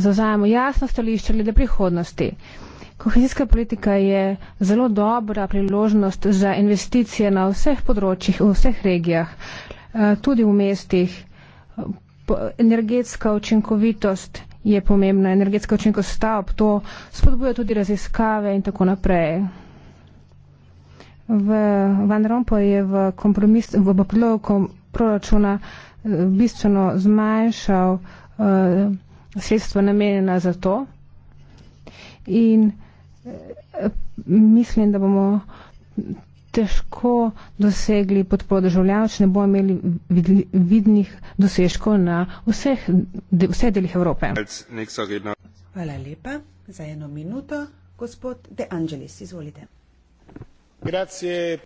zauzajemo jasno stališče glede prihodnosti. Uh, Kohezijska politika je zelo dobra priložnost za investicije na vseh področjih, v vseh regijah, eh, tudi v mestih. Energetska učinkovitost je pomembna, energetska učinkovitost stavb, to spodbuja tudi raziskave in tako naprej. V Van Rompo je v, kompromis, v predlogu kom, proračuna eh, bistveno zmanjšal uh, sredstva namenjena za to. In mislim, da bomo težko dosegli podporo državljanov, če ne bomo imeli vidnih dosežkov na vseh, de, vseh delih Evrope. Hvala lepa za eno minuto. Gospod De Angelis, izvolite. Grazie.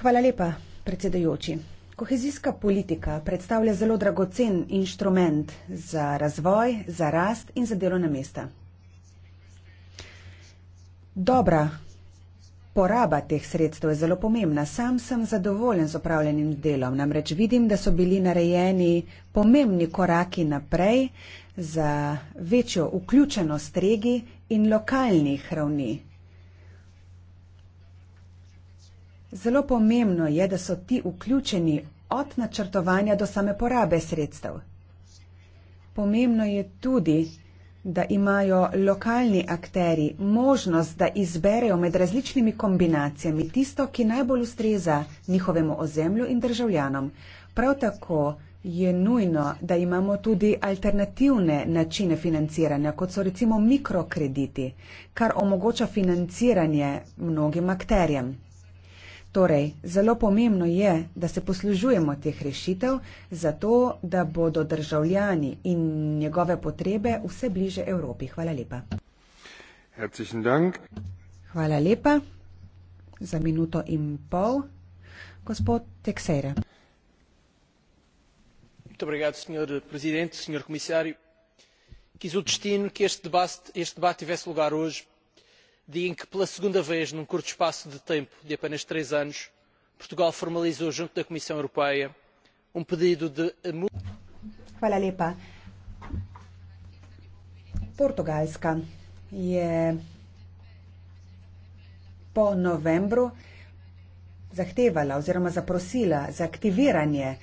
Hvala lepa, predsedajoči. Kohezijska politika predstavlja zelo dragocen inštrument za razvoj, za rast in za delovna mesta. Dobra poraba teh sredstev je zelo pomembna. Sam sem zadovoljen z opravljenim delom, namreč vidim, da so bili narejeni pomembni koraki naprej za večjo vključenost regij in lokalnih ravni. Zelo pomembno je, da so ti vključeni od načrtovanja do same porabe sredstev. Pomembno je tudi, da imajo lokalni akteri možnost, da izberejo med različnimi kombinacijami tisto, ki najbolj ustreza njihovemu ozemlju in državljanom. Prav tako je nujno, da imamo tudi alternativne načine financiranja, kot so recimo mikrokrediti, kar omogoča financiranje mnogim akterjem. Torej, zelo pomembno je, da se poslužujemo teh rešitev, zato da bodo državljani in njegove potrebe vse bliže Evropi. Hvala lepa. Hvala lepa za minuto in pol. Gospod Teksere. Obrigado, senhor presidente, senhor comissário. Quis o destino que este debate, este debate tivesse lugar hoje, dia em que pela segunda vez num curto espaço de tempo de apenas três anos portugal formalizou junto da comissão europeia um pedido de Hvala lepa. Portugalska je po novembru zahtevala oziroma zaprosila za aktiviranje eh,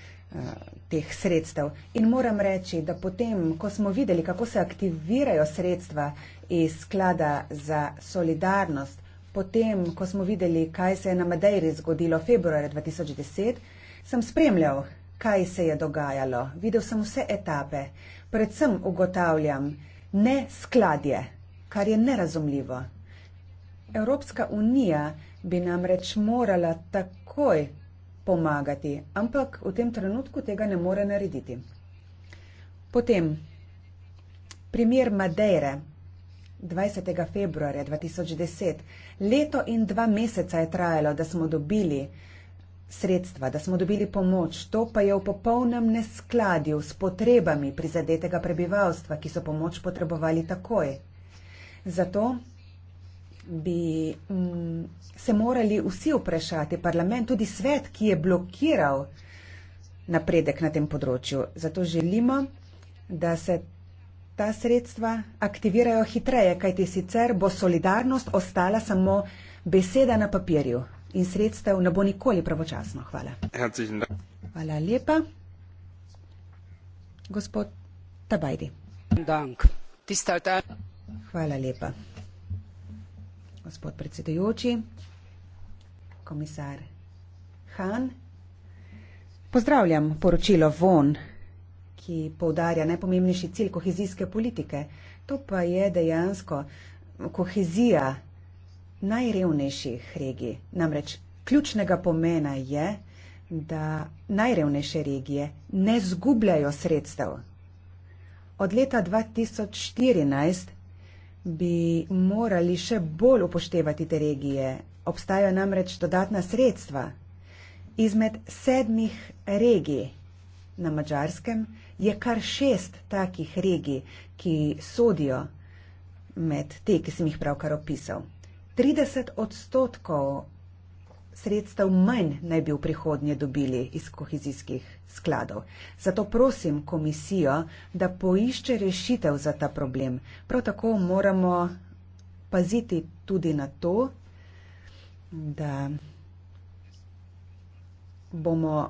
teh sredstev. In moram reči, da potem, ko smo videli, kako se aktivirajo sredstva iz sklada za solidarnost, potem, ko smo videli, kaj se je na Madeiri zgodilo februarja 2010, sem spremljal, kaj se je dogajalo. Videl sem vse etape, predvsem ugotavljam ne skladje, kar je nerazumljivo. Evropska unija bi nam reč morala takoj pomagati, ampak v tem trenutku tega ne more narediti. Potem, primer Madeire, 20. februarja 2010. Leto in dva meseca je trajalo, da smo dobili sredstva, da smo dobili pomoč. To pa je v popolnem neskladju s potrebami prizadetega prebivalstva, ki so pomoč potrebovali takoj. Zato bi mm, se morali vsi vprašati, parlament, tudi svet, ki je blokiral napredek na tem področju. Zato želimo, da se ta sredstva aktivirajo hitreje, kajti sicer bo solidarnost ostala samo beseda na papirju in sredstev ne bo nikoli pravočasno. Hvala. Hvala lepa. Gospod Tabajdi. Hvala lepa. Gospod predsedujoči, komisar Han. Pozdravljam poročilo von ki povdarja najpomembnejši cilj kohezijske politike. To pa je dejansko kohezija najrevnejših regij. Namreč ključnega pomena je, da najrevnejše regije ne zgubljajo sredstev. Od leta 2014 bi morali še bolj upoštevati te regije. Obstajajo namreč dodatna sredstva. Izmed sedmih regij na Mačarskem je kar šest takih regij, ki sodijo med te, ki sem jih pravkar opisal. 30 odstotkov sredstev manj naj bi v prihodnje dobili iz kohezijskih skladov. Zato prosim komisijo, da poišče rešitev za ta problem. Prav tako moramo paziti tudi na to, da bomo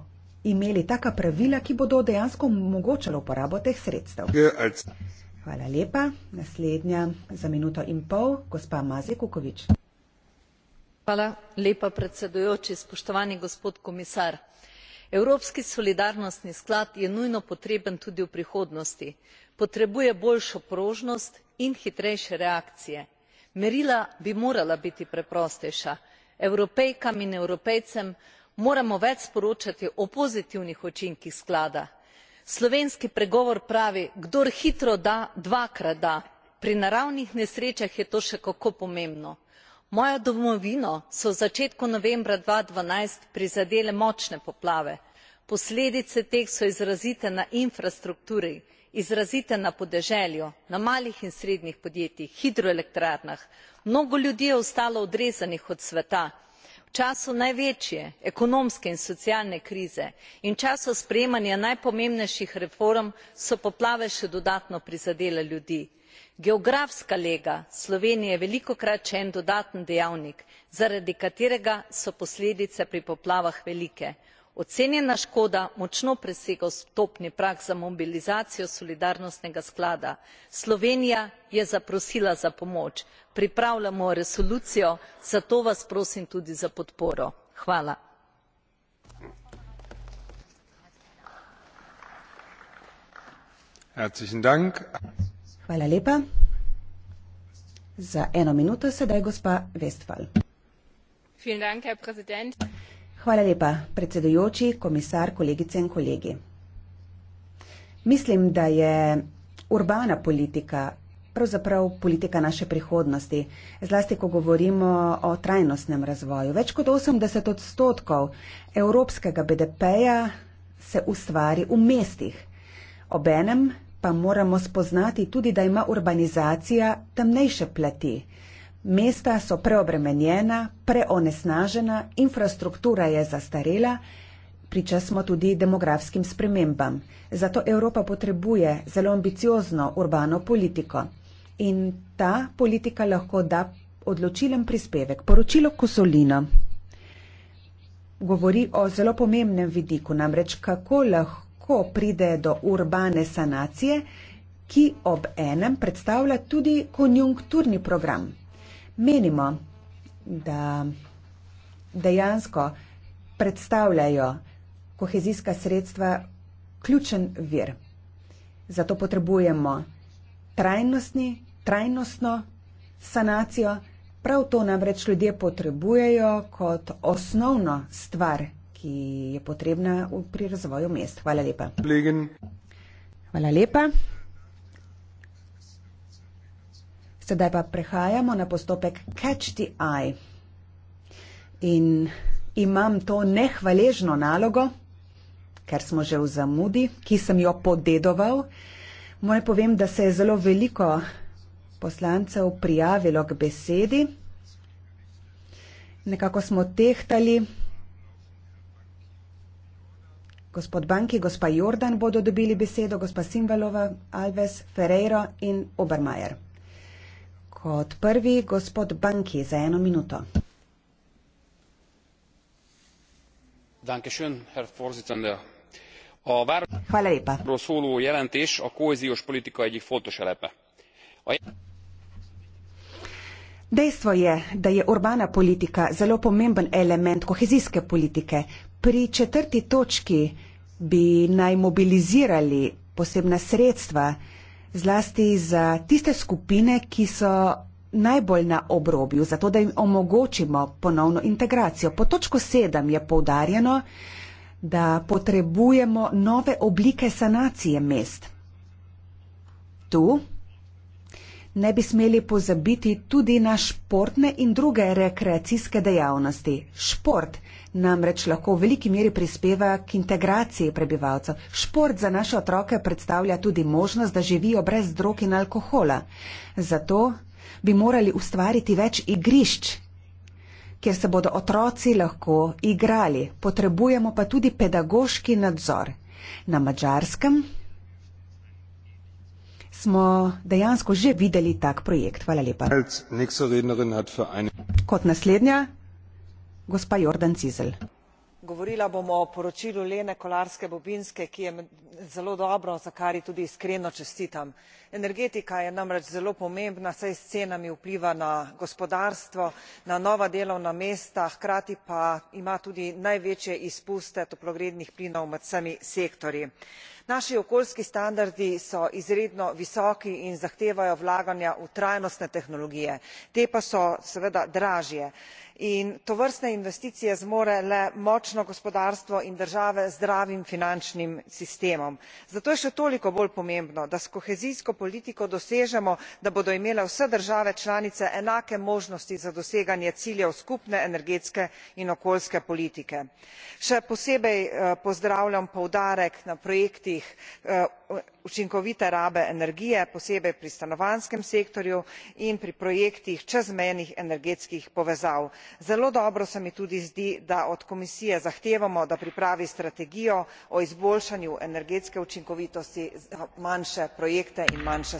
imeli taka pravila, ki bodo dejansko omogočali uporabo teh sredstev. Hvala lepa. Naslednja za minuto in pol, gospa Mazje Kukovič. Hvala lepa predsedujoči, spoštovani gospod komisar. Evropski solidarnostni sklad je nujno potreben tudi v prihodnosti. Potrebuje boljšo prožnost in hitrejše reakcije. Merila bi morala biti preprostejša. Evropejkam in evropejcem moramo več sporočati o pozitivnih učinkih sklada. slovenski pregovor pravi kdor hitro da dvakrat da pri naravnih nesrečah je to še kako pomembno. mojo domovino so v začetku novembra dva tisoč dvanajst prizadele močne poplave posledice teh so izrazite na infrastrukturi izrazite na podeželju na malih in srednjih podjetjih hidroelektrarnah mnogo ljudi je ostalo odrezanih od sveta času največje ekonomske in socialne krize in času sprejemanja najpomembnejših reform so poplave še dodatno prizadele ljudi. geografska lega slovenije je velikokrat še en dodaten dejavnik zaradi katerega so posledice pri poplavah velike ocenjena škoda močno presega vstopni prag za mobilizacijo solidarnostnega sklada. slovenija je zaprosila za pomoč pripravljamo resolucijo zato vas prosim tudi za podporo. hvala. Hvala lepa, predsedujoči, komisar, kolegice in kolegi. Mislim, da je urbana politika pravzaprav politika naše prihodnosti, zlasti ko govorimo o trajnostnem razvoju. Več kot 80 odstotkov evropskega BDP-ja se ustvari v mestih. Obenem pa moramo spoznati tudi, da ima urbanizacija temnejše plati. Mesta so preobremenjena, preonesnažena, infrastruktura je zastarela, priča smo tudi demografskim spremembam. Zato Evropa potrebuje zelo ambiciozno urbano politiko. In ta politika lahko da odločilen prispevek. Poročilo Kosolino govori o zelo pomembnem vidiku, namreč kako lahko pride do urbane sanacije, ki ob enem predstavlja tudi konjunkturni program menimo, da dejansko predstavljajo kohezijska sredstva ključen vir. Zato potrebujemo trajnostni, trajnostno sanacijo. Prav to namreč ljudje potrebujejo kot osnovno stvar, ki je potrebna pri razvoju mest. Hvala lepa. Hvala lepa. Sedaj pa prehajamo na postopek catch the eye. In imam to nehvaležno nalogo, ker smo že v zamudi, ki sem jo podedoval. Moje povem, da se je zelo veliko poslancev prijavilo k besedi. Nekako smo tehtali. Gospod Banki, gospa Jordan bodo dobili besedo, gospa Simvalova, Alves, Ferreiro in Obermajer. Kot prvi gospod Banki za eno minuto. Hvala lepa. Jelentés, a politika egyik fontos elepe. A jel... Dejstvo je, da je urbana politika zelo pomemben element kohezijske politike. Pri četrti točki bi naj mobilizirali posebna sredstva, zlasti za tiste skupine, ki so najbolj na obrobju, zato da jim omogočimo ponovno integracijo. Po točko sedem je poudarjeno, da potrebujemo nove oblike sanacije mest. Tu ne bi smeli pozabiti tudi na športne in druge rekreacijske dejavnosti. Šport namreč lahko v veliki meri prispeva k integraciji prebivalcev. Šport za naše otroke predstavlja tudi možnost, da živijo brez drog in alkohola. Zato bi morali ustvariti več igrišč, kjer se bodo otroci lahko igrali. Potrebujemo pa tudi pedagoški nadzor. Na mačarskem smo dejansko že videli tak projekt. Hvala lepa. Kot naslednja gospa Jordan Cizel. Govorila bomo o poročilu Lene Kolarske Bobinske, ki je zelo dobro, za kar ji tudi iskreno čestitam. Energetika je namreč zelo pomembna, saj s cenami vpliva na gospodarstvo, na nova delovna mesta, hkrati pa ima tudi največje izpuste toplogrednih plinov med vsemi sektorji. Naši okoljski standardi so izredno visoki in zahtevajo vlaganja v trajnostne tehnologije. Te pa so seveda dražje in tovrstne investicije zmore le močno gospodarstvo in države z zdravim finančnim sistemom zato je še toliko bolj pomembno da s kohezijsko politiko dosežemo da bodo imele vse države članice enake možnosti za doseganje ciljev skupne energetske in okoljske politike. še posebej eh, pozdravljam poudarek na projektih eh, učinkovite rabe energije posebej pri stanovanjskem sektorju in pri projektih čezmejnih energetskih povezav. zelo dobro se mi tudi zdi da od komisije zahtevamo da pripravi strategijo o izboljšanju energetske učinkovitosti za manjše projekte in manjše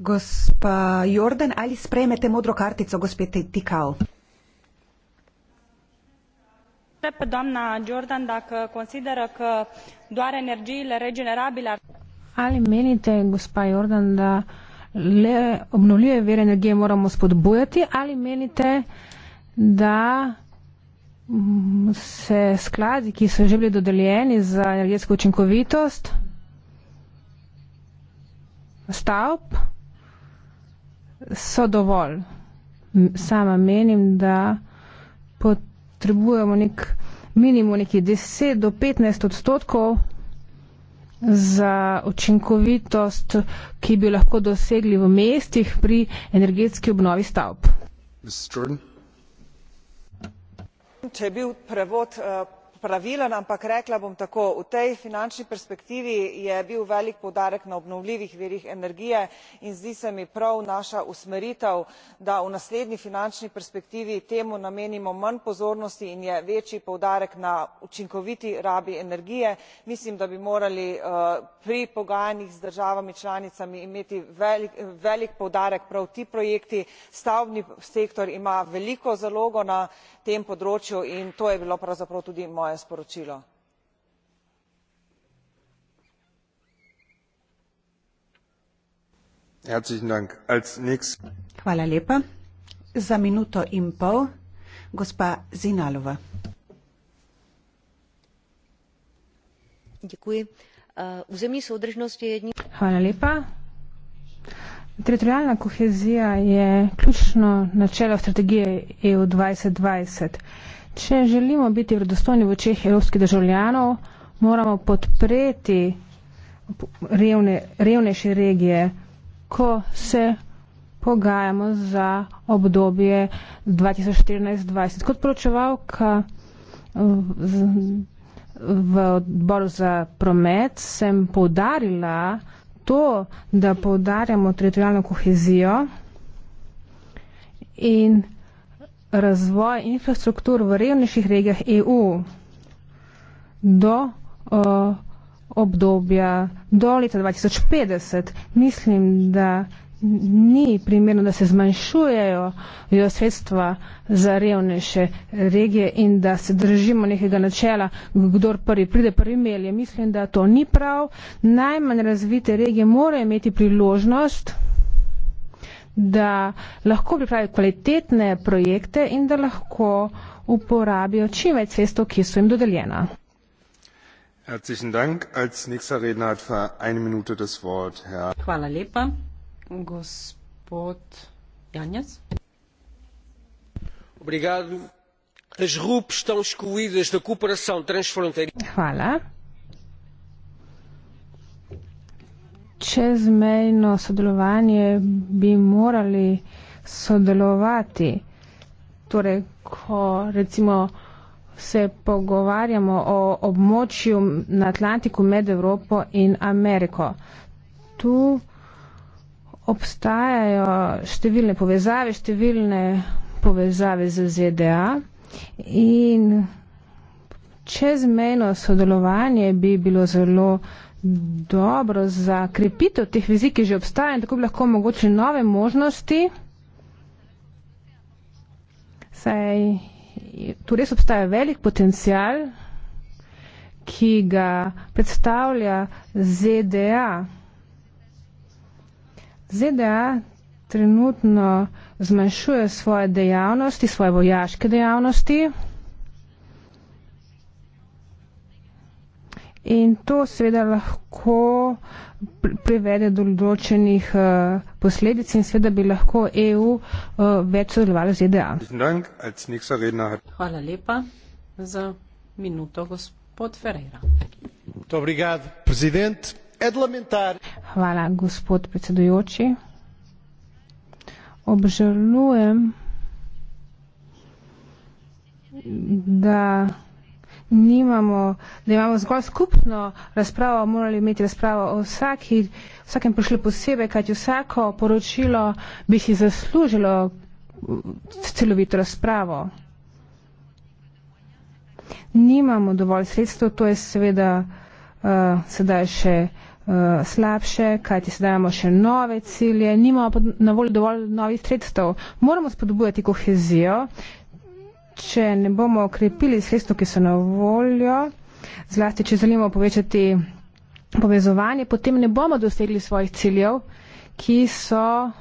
Gospa Jordan, ali sprejmete modro kartico, gospe Tikal? Pe doamna Jordan, dacă consideră că doar energiile regenerabile ar... Ali menite, gospa Jordan, da le obnuljive vire energije moramo spodbujati, ali menite, da mm, se skladi, ki so že bili dodeljeni za energetsko učinkovitost, stavb, so dovolj. Sama menim, da potrebujemo nek minimum nekih 10 do 15 odstotkov za učinkovitost, ki bi lahko dosegli v mestih pri energetski obnovi stavb. Če je bil prevod eh, pravilen ampak rekla bom tako v tej finančni perspektivi je bil velik poudarek na obnovljivih virih energije in zdi se mi prav naša usmeritev da v naslednji finančni perspektivi temu namenimo manj pozornosti in je večji poudarek na učinkoviti rabi energije mislim da bi morali eh, pri pogajanjih z državami članicami imeti velik poudarek prav ti projekti stavbni sektor ima veliko zalogo na tem področju in to je bilo pravzaprav tudi moje sporočilo svoje sporočilo. Hvala lepa. Za minuto in pol, gospa Zinalova. Uh, Hvala lepa. Teritorijalna kohezija je ključno načelo strategije EU 2020. Če želimo biti vredostojni v očeh evropskih državljanov, moramo podpreti revne, revnejše regije, ko se pogajamo za obdobje 2014-2020. Kot poročevalka eh, v odboru za promet sem poudarila to, da poudarjamo teritorijalno kohezijo in razvoj infrastruktur v revnejših regijah EU do uh, obdobja do leta 2050. Mislim, da ni primerno, da se zmanjšujejo sredstva za revnejše regije in da se držimo nekega načela, kdor prvi pride, prvi melje. Mislim, da to ni prav. Najmanj razvite regije morajo imeti priložnost da lahko pripravijo kvalitetne projekte in da lahko uporabijo čim več sredstev, ki so jim dodeljena. Hvala lepa. Gospod Janjec. Hvala. čezmejno sodelovanje bi morali sodelovati. Torej, ko recimo se pogovarjamo o območju na Atlantiku med Evropo in Ameriko. Tu obstajajo številne povezave, številne povezave z ZDA in čezmejno sodelovanje bi bilo zelo Dobro, za krepitev teh vizi, ki že obstajajo in tako bi lahko mogoče nove možnosti, saj tu res obstaja velik potencial, ki ga predstavlja ZDA. ZDA trenutno zmanjšuje svoje dejavnosti, svoje vojaške dejavnosti. In to seveda lahko privede do določenih uh, posledic in seveda bi lahko EU uh, eh, več sodelovala z e EDA. Hvala lepa za minuto, gospod Ferreira. Dobrigad, prezident. Hvala, gospod predsedujoči. Obžalujem, da nimamo, da imamo zgolj skupno razpravo, morali imeti razpravo o vsaki, vsakem prišli posebej, kajti vsako poročilo bi si zaslužilo uh, celovito razpravo. Nimamo dovolj sredstv, to je seveda uh, sedaj še uh, slabše, kajti sedaj imamo še nove cilje, nimamo na voljo dovolj novih sredstev. Moramo spodbujati kohezijo, če ne bomo okrepili sredstvo, ki so na voljo, zlasti, če želimo povečati povezovanje, potem ne bomo dosegli svojih ciljev, ki so uh,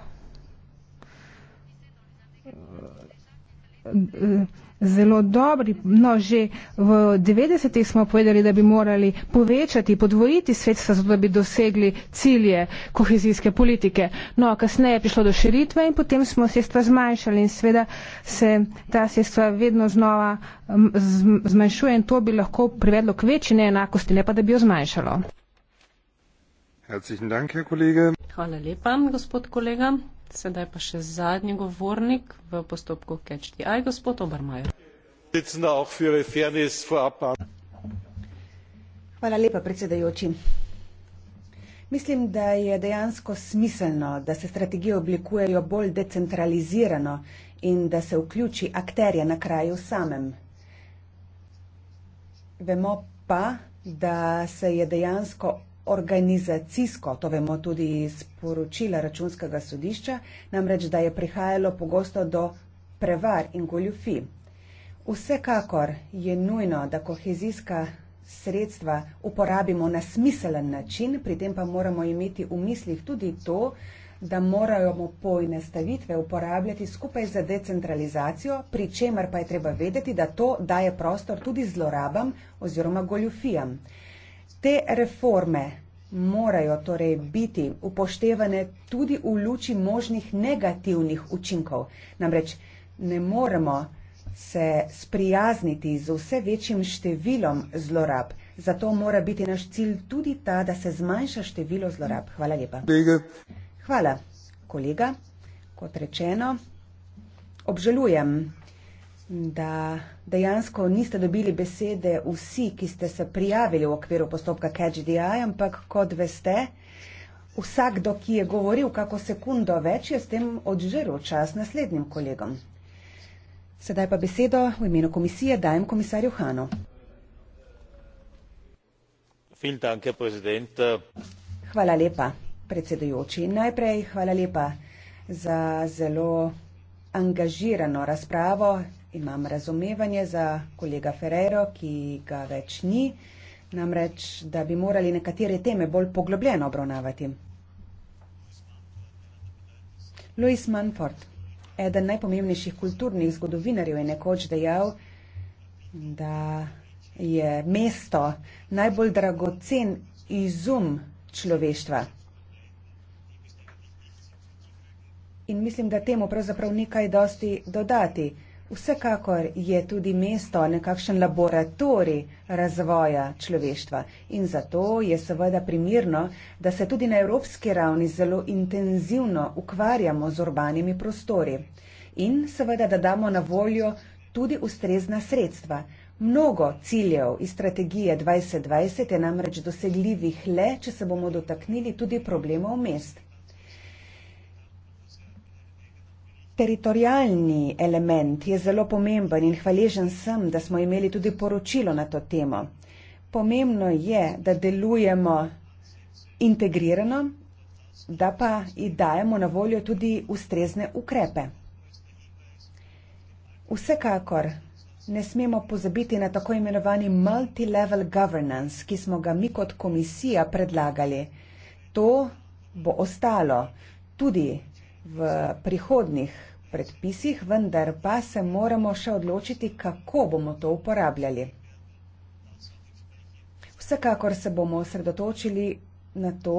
uh, zelo dobri. No, že v 90-ih smo povedali, da bi morali povečati, podvojiti sredstva, zato da bi dosegli cilje kohezijske politike. No, kasneje je prišlo do širitve in potem smo sredstva zmanjšali in sveda se ta sredstva vedno znova zmanjšuje in to bi lahko privedlo k večji neenakosti, ne pa da bi jo zmanjšalo. Dank, Hvala lepa, gospod kolega. Sedaj pa še zadnji govornik v postopku Kečti. Aj, gospod Obermajo. Hvala lepa, predsedajoči. Mislim, da je dejansko smiselno, da se strategije oblikujejo bolj decentralizirano in da se vključi akterje na kraju samem. Vemo pa, da se je dejansko organizacijsko, to vemo tudi iz poročila računskega sodišča, namreč da je prihajalo pogosto do prevar in goljufi. Vsekakor je nujno, da kohezijska sredstva uporabimo na smiselen način, pri tem pa moramo imeti v mislih tudi to, da moramo poenostavitve uporabljati skupaj za decentralizacijo, pri čemer pa je treba vedeti, da to daje prostor tudi zlorabam oziroma goljufijam. Te reforme morajo torej biti upoštevane tudi v luči možnih negativnih učinkov. Namreč ne moremo se sprijazniti z vse večjim številom zlorab. Zato mora biti naš cilj tudi ta, da se zmanjša število zlorab. Hvala lepa. Hvala, kolega. Kot rečeno, obžalujem, da dejansko niste dobili besede vsi, ki ste se prijavili v okviru postopka CatchDI, ampak kot veste, vsak, do ki je govoril kako sekundo več, je s tem odžiril čas naslednjim kolegom. Sedaj pa besedo v imenu komisije dajem komisarju Hanu. Hvala lepa, predsedujoči. Najprej hvala lepa za zelo angažirano razpravo, imam razumevanje za kolega Ferrero, ki ga več ni, namreč, da bi morali nekatere teme bolj poglobljeno obravnavati. Louis Manford, eden najpomembnejših kulturnih zgodovinarjev, je nekoč dejal, da je mesto najbolj dragocen izum človeštva. In mislim, da temu pravzaprav ni kaj dosti dodati. Vsekakor je tudi mesto nekakšen laboratorij razvoja človeštva in zato je seveda primirno, da se tudi na evropski ravni zelo intenzivno ukvarjamo z urbanimi prostori in seveda, da damo na voljo tudi ustrezna sredstva. Mnogo ciljev iz strategije 2020 je namreč dosegljivih le, če se bomo dotaknili tudi problemov mest. Teritorijalni element je zelo pomemben in hvaležen sem, da smo imeli tudi poročilo na to temo. Pomembno je, da delujemo integrirano, da pa jih dajemo na voljo tudi ustrezne ukrepe. Vsekakor ne smemo pozabiti na tako imenovani multilevel governance, ki smo ga mi kot komisija predlagali. To bo ostalo tudi v prihodnih predpisih, vendar pa se moramo še odločiti, kako bomo to uporabljali. Vsekakor se bomo osredotočili na to,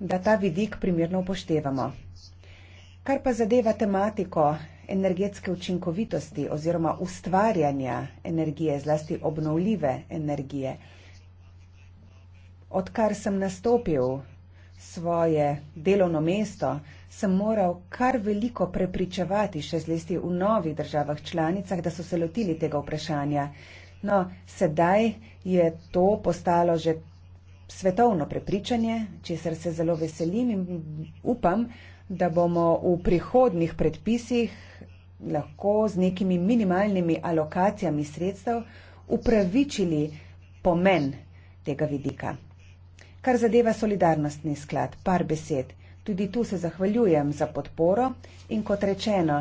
da ta vidik primerno upoštevamo. Kar pa zadeva tematiko energetske učinkovitosti oziroma ustvarjanja energije, zlasti obnovljive energije, odkar sem nastopil svoje delovno mesto, sem moral kar veliko prepričevati, še zlesti v novih državah članicah, da so se lotili tega vprašanja. No, sedaj je to postalo že svetovno prepričanje, česar se zelo veselim in upam, da bomo v prihodnih predpisih lahko z nekimi minimalnimi alokacijami sredstev upravičili pomen tega vidika. Kar zadeva solidarnostni sklad, par besed. Tudi tu se zahvaljujem za podporo in kot rečeno,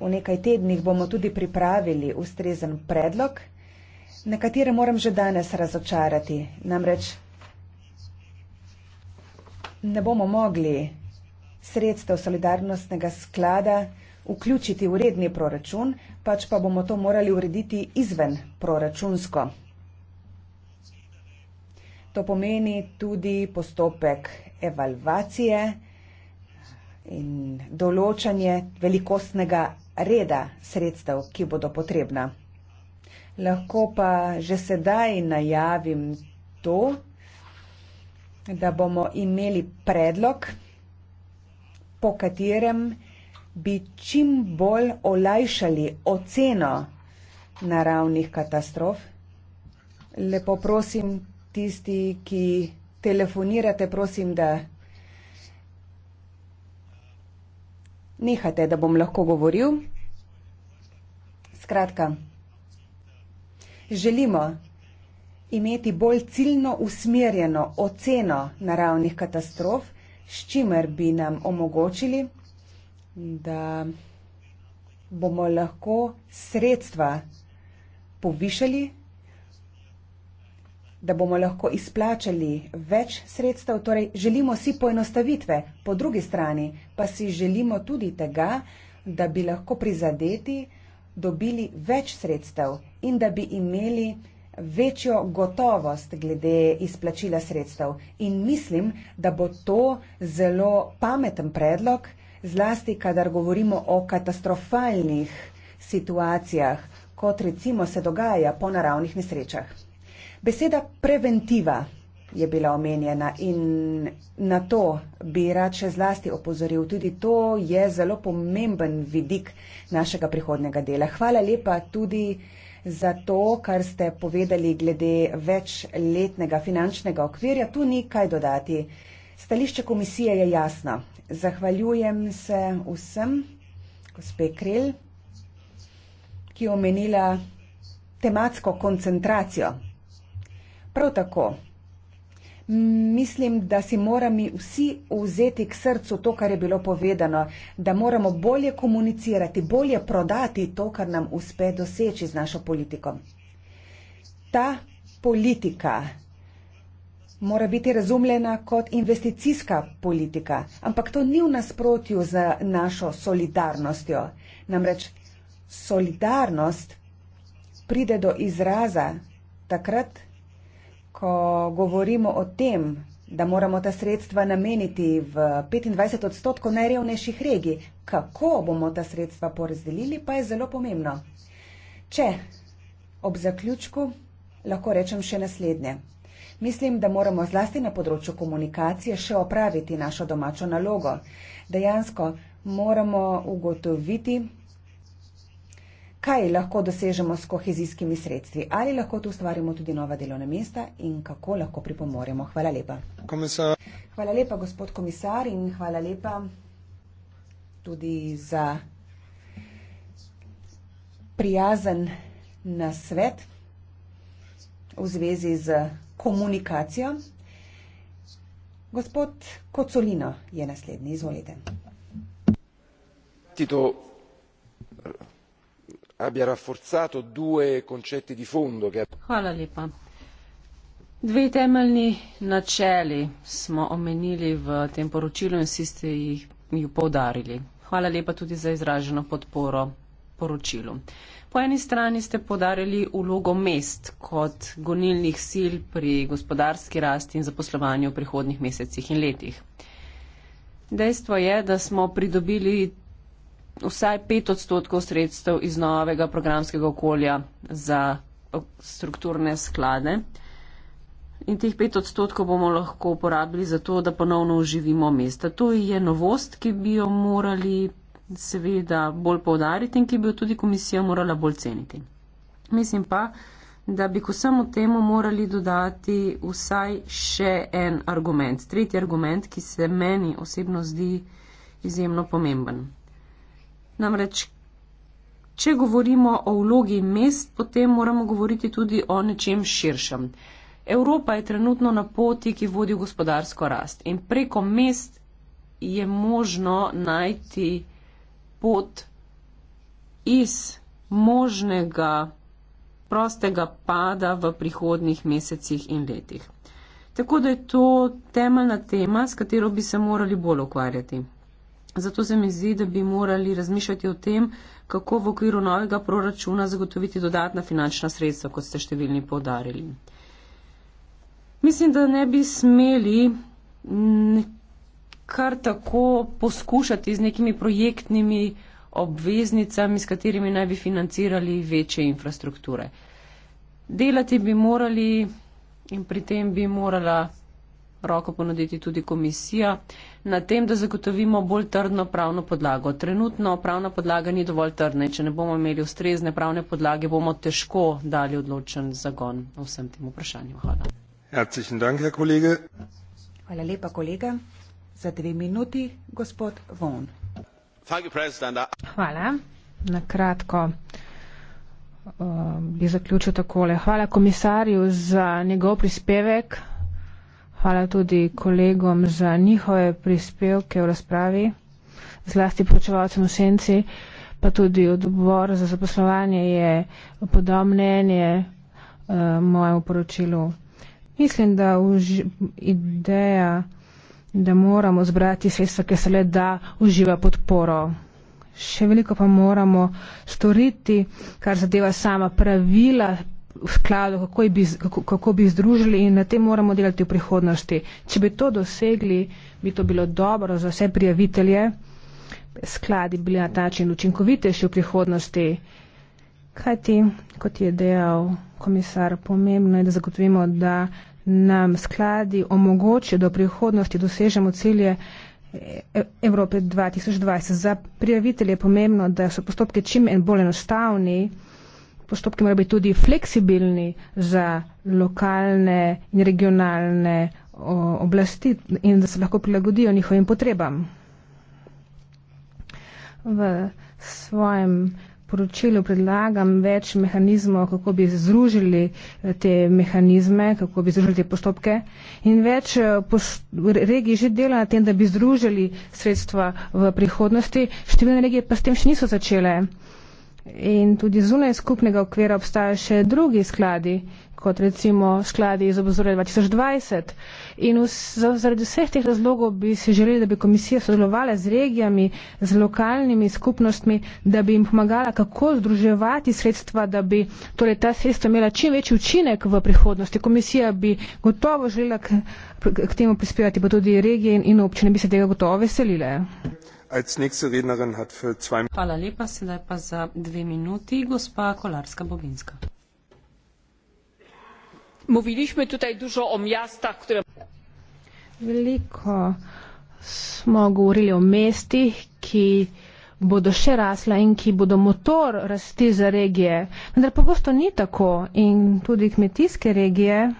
v nekaj tednih bomo tudi pripravili ustrezen predlog, na katere moram že danes razočarati. Namreč ne bomo mogli sredstev solidarnostnega sklada vključiti v redni proračun, pač pa bomo to morali urediti izven proračunsko. To pomeni tudi postopek evalvacije in določanje velikostnega reda sredstev, ki bodo potrebna. Lahko pa že sedaj najavim to, da bomo imeli predlog, po katerem bi čim bolj olajšali oceno naravnih katastrof. Lepo prosim, tisti, ki telefonirate, prosim, da nehate, da bom lahko govoril. Skratka, želimo imeti bolj ciljno usmerjeno oceno naravnih katastrof, s čimer bi nam omogočili, da bomo lahko sredstva povišali da bomo lahko izplačali več sredstev, torej želimo si poenostavitve, po drugi strani pa si želimo tudi tega, da bi lahko prizadeti dobili več sredstev in da bi imeli večjo gotovost glede izplačila sredstev. In mislim, da bo to zelo pameten predlog, zlasti kadar govorimo o katastrofalnih situacijah, kot recimo se dogaja po naravnih nesrečah. Beseda preventiva je bila omenjena in na to bi rad še zlasti opozoril. Tudi to je zelo pomemben vidik našega prihodnega dela. Hvala lepa tudi za to, kar ste povedali glede večletnega finančnega okvirja. Tu ni kaj dodati. Stališče komisije je jasno. Zahvaljujem se vsem, gospe Krel, ki je omenila tematsko koncentracijo. Prav tako. Mislim, da si moramo vsi vzeti k srcu to, kar je bilo povedano, da moramo bolje komunicirati, bolje prodati to, kar nam uspe doseči z našo politiko. Ta politika mora biti razumljena kot investicijska politika, ampak to ni v nasprotju z našo solidarnostjo. Namreč solidarnost pride do izraza takrat, ko govorimo o tem, da moramo ta sredstva nameniti v 25 odstotkov najrevnejših regij, kako bomo ta sredstva porazdelili, pa je zelo pomembno. Če ob zaključku lahko rečem še naslednje. Mislim, da moramo zlasti na področju komunikacije še opraviti našo domačo nalogo. Dejansko moramo ugotoviti, kaj lahko dosežemo s kohezijskimi sredstvi, ali lahko tu ustvarimo tudi nova delovna mesta in kako lahko pripomoremo. Hvala lepa. Komisar. Hvala lepa, gospod komisar, in hvala lepa tudi za prijazen nasvet v zvezi z komunikacijo. Gospod Kocolino je naslednji, izvolite. Ti to abbia rafforzato due concetti di fondo che. Hvala lepa. Dve temeljni načeli smo omenili v tem poročilu in vsi ste jih poudarili. Hvala lepa tudi za izraženo podporo poročilu. Po eni strani ste podarili vlogo mest kot gonilnih sil pri gospodarski rasti in zaposlovanju v prihodnih mesecih in letih. Dejstvo je, da smo pridobili vsaj pet odstotkov sredstev iz novega programskega okolja za strukturne sklade. In teh pet odstotkov bomo lahko uporabili za to, da ponovno oživimo mesta. To je novost, ki bi jo morali seveda bolj povdariti in ki bi jo tudi komisija morala bolj ceniti. Mislim pa, da bi k vsemu temu morali dodati vsaj še en argument, tretji argument, ki se meni osebno zdi izjemno pomemben. Namreč, če govorimo o vlogi mest, potem moramo govoriti tudi o nečem širšem. Evropa je trenutno na poti, ki vodi v gospodarsko rast in preko mest je možno najti pot iz možnega prostega pada v prihodnih mesecih in letih. Tako da je to temeljna tema, s katero bi se morali bolj ukvarjati. Zato se mi zdi, da bi morali razmišljati o tem, kako v okviru novega proračuna zagotoviti dodatna finančna sredstva, kot ste številni povdarili. Mislim, da ne bi smeli kar tako poskušati z nekimi projektnimi obveznicami, s katerimi naj bi financirali večje infrastrukture. Delati bi morali in pri tem bi morala roko ponuditi tudi komisija, na tem, da zagotovimo bolj trdno pravno podlago. Trenutno pravna podlaga ni dovolj trdna in če ne bomo imeli ustrezne pravne podlage, bomo težko dali odločen zagon vsem tem vprašanjem. Hvala. Hvala lepa, kolega. Za dve minuti, gospod Von. Hvala. Na kratko uh, bi zaključil takole. Hvala komisarju za njegov prispevek. Hvala tudi kolegom za njihove prispevke v razpravi, zlasti poročevalcem v senci, pa tudi odbor za zaposlovanje je podal mnenje uh, mojemu poročilu. Mislim, da uži, ideja, da moramo zbrati sredstva, ki se le da, uživa podporo. Še veliko pa moramo storiti, kar zadeva sama pravila skladu, kako bi, kako, kako bi združili in na tem moramo delati v prihodnosti. Če bi to dosegli, bi to bilo dobro za vse prijavitelje, skladi bili na ta način učinkovitejši v prihodnosti. Kaj ti, kot je dejal komisar, pomembno je, da zagotovimo, da nam skladi omogočijo, da v prihodnosti dosežemo cilje e, Evrope 2020. Za prijavitelje je pomembno, da so postopke čim bolj enostavni postopki morajo biti tudi fleksibilni za lokalne in regionalne oblasti in da se lahko prilagodijo njihovim potrebam. V svojem poročilu predlagam več mehanizmov, kako bi združili eh, te mehanizme, kako bi združili te postopke in več eh, regij že dela na tem, da bi združili sredstva v prihodnosti. Številne regije pa s tem še niso začele. In tudi zunaj skupnega okvira obstajajo še drugi skladi, kot recimo skladi iz obzorja 2020. In vz, zaradi vseh teh razlogov bi si želeli, da bi komisija sodelovala z regijami, z lokalnimi skupnostmi, da bi jim pomagala, kako združevati sredstva, da bi torej, ta sredstva imela čim večji učinek v prihodnosti. Komisija bi gotovo želela k, k, k temu prispevati, pa tudi regije in, in občine bi se tega gotovo veselile. Hvala lepa, sedaj pa za dve minuti gospa Kolarska Bobinska. Mówiliśmy tutaj dużo o miastach, które. Veliko smo govorili o mestih, ki bodo še rasla in ki bodo motor rasti za regije. Vendar pogosto ni tako in tudi kmetijske regije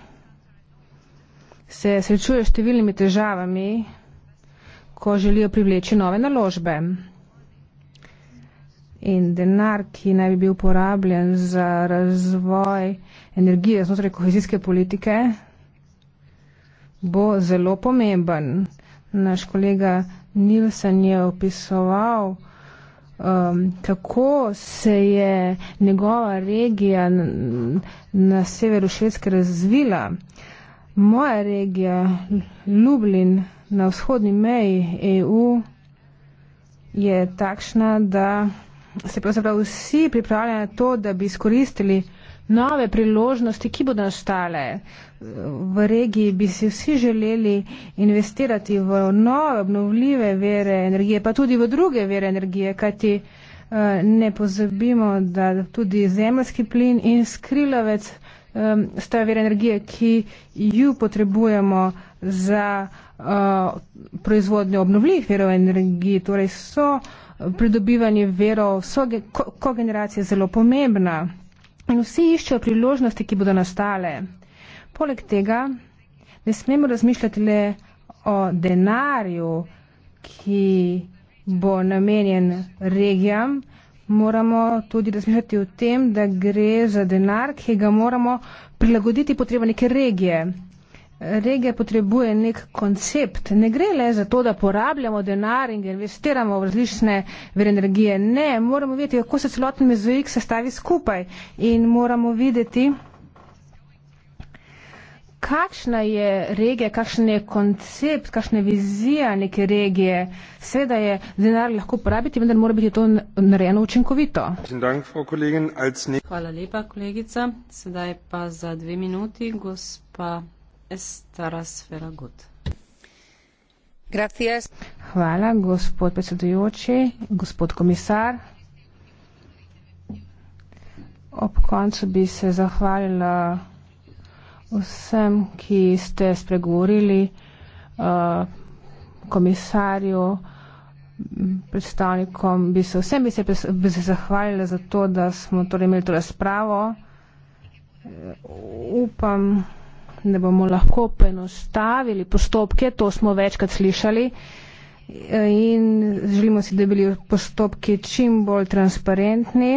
se srečujejo s številnimi težavami, ko želijo privleči nove naložbe. In denar, ki naj bi bil porabljen za razvoj energije znotraj kohezijske politike, bo zelo pomemben. Naš kolega Nilsen je opisoval, um, kako se je njegova regija na, na severu Švedske razvila. Uh, Moja regija, Lublin, na vzhodni meji EU, je takšna, da se pravzaprav vsi pripravljajo na to, da bi izkoristili nove priložnosti, ki bodo nastale. V regiji bi si vsi želeli investirati v nove obnovljive vere energije, pa tudi v druge vere energije, kajti eh, ne pozabimo, da tudi zemljski plin in skrilavec um, stajo vire energije, ki ju potrebujemo za uh, proizvodnjo obnovljivih virov energije. Torej so uh, pridobivanje verov, so kogeneracije ko zelo pomembna. In vsi iščejo priložnosti, ki bodo nastale. Poleg tega ne smemo razmišljati le o denarju, ki bo namenjen regijam, moramo tudi razmišljati o tem, da gre za denar, ki ga moramo prilagoditi potreba neke regije. Regija potrebuje nek koncept. Ne gre le za to, da porabljamo denar in ga investiramo v različne vere energije. Ne, moramo vedeti, kako se celoten mezoik sestavi skupaj in moramo videti, kakšna je regija, kakšen je koncept, kakšna je vizija neke regije. Seveda je denar lahko uporabiti, vendar mora biti to narejeno učinkovito. Hvala lepa, kolegica. Sedaj pa za dve minuti, gospa Estara Sferagut. Gracias. Hvala, gospod predsedujoči, gospod komisar. Ob koncu bi se zahvalila vsem, ki ste spregovorili, uh, komisarju, predstavnikom, bi se vsem bi se, bi se zahvalila za to, da smo torej imeli to razpravo. Eh, upam, da bomo lahko poenostavili postopke, to smo večkrat slišali eh, in želimo si, da bi bili postopki čim bolj transparentni,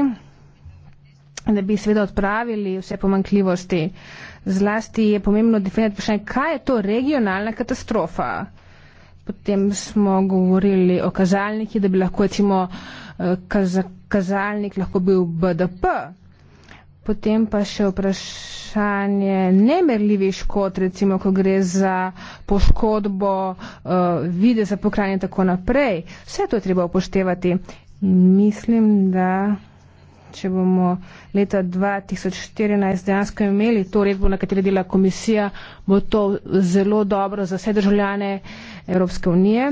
da bi seveda odpravili vse pomankljivosti. Uh, zlasti je pomembno definirati vprašanje, kaj je to regionalna katastrofa. Potem smo govorili o kazalniki, da bi lahko recimo eh, kaz kazalnik lahko bil BDP. Potem pa še vprašanje nemerljivih škod, recimo, ko gre za poškodbo uh, videza pokrajine in tako naprej. Vse to je treba upoštevati. Mislim, da če bomo leta 2014 dejansko imeli to redbo, na kateri dela komisija, bo to zelo dobro za vse državljane Evropske unije,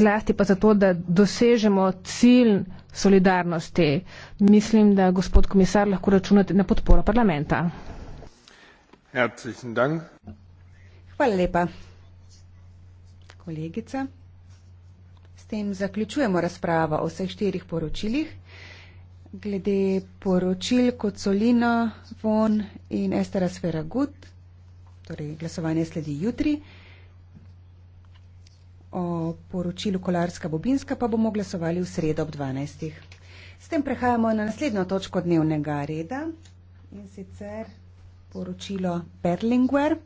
zlasti pa zato, da dosežemo cilj solidarnosti. Mislim, da gospod komisar lahko računate na podporo parlamenta. Hvala lepa. Kolegica, s tem zaključujemo razpravo o vseh štirih poročilih glede poročil kot Solina, Von in Estera Sfera Gut. Torej, glasovanje sledi jutri. O poročilu Kolarska Bobinska pa bomo glasovali v sredo ob 12. S tem prehajamo na naslednjo točko dnevnega reda in sicer poročilo Berlinguer.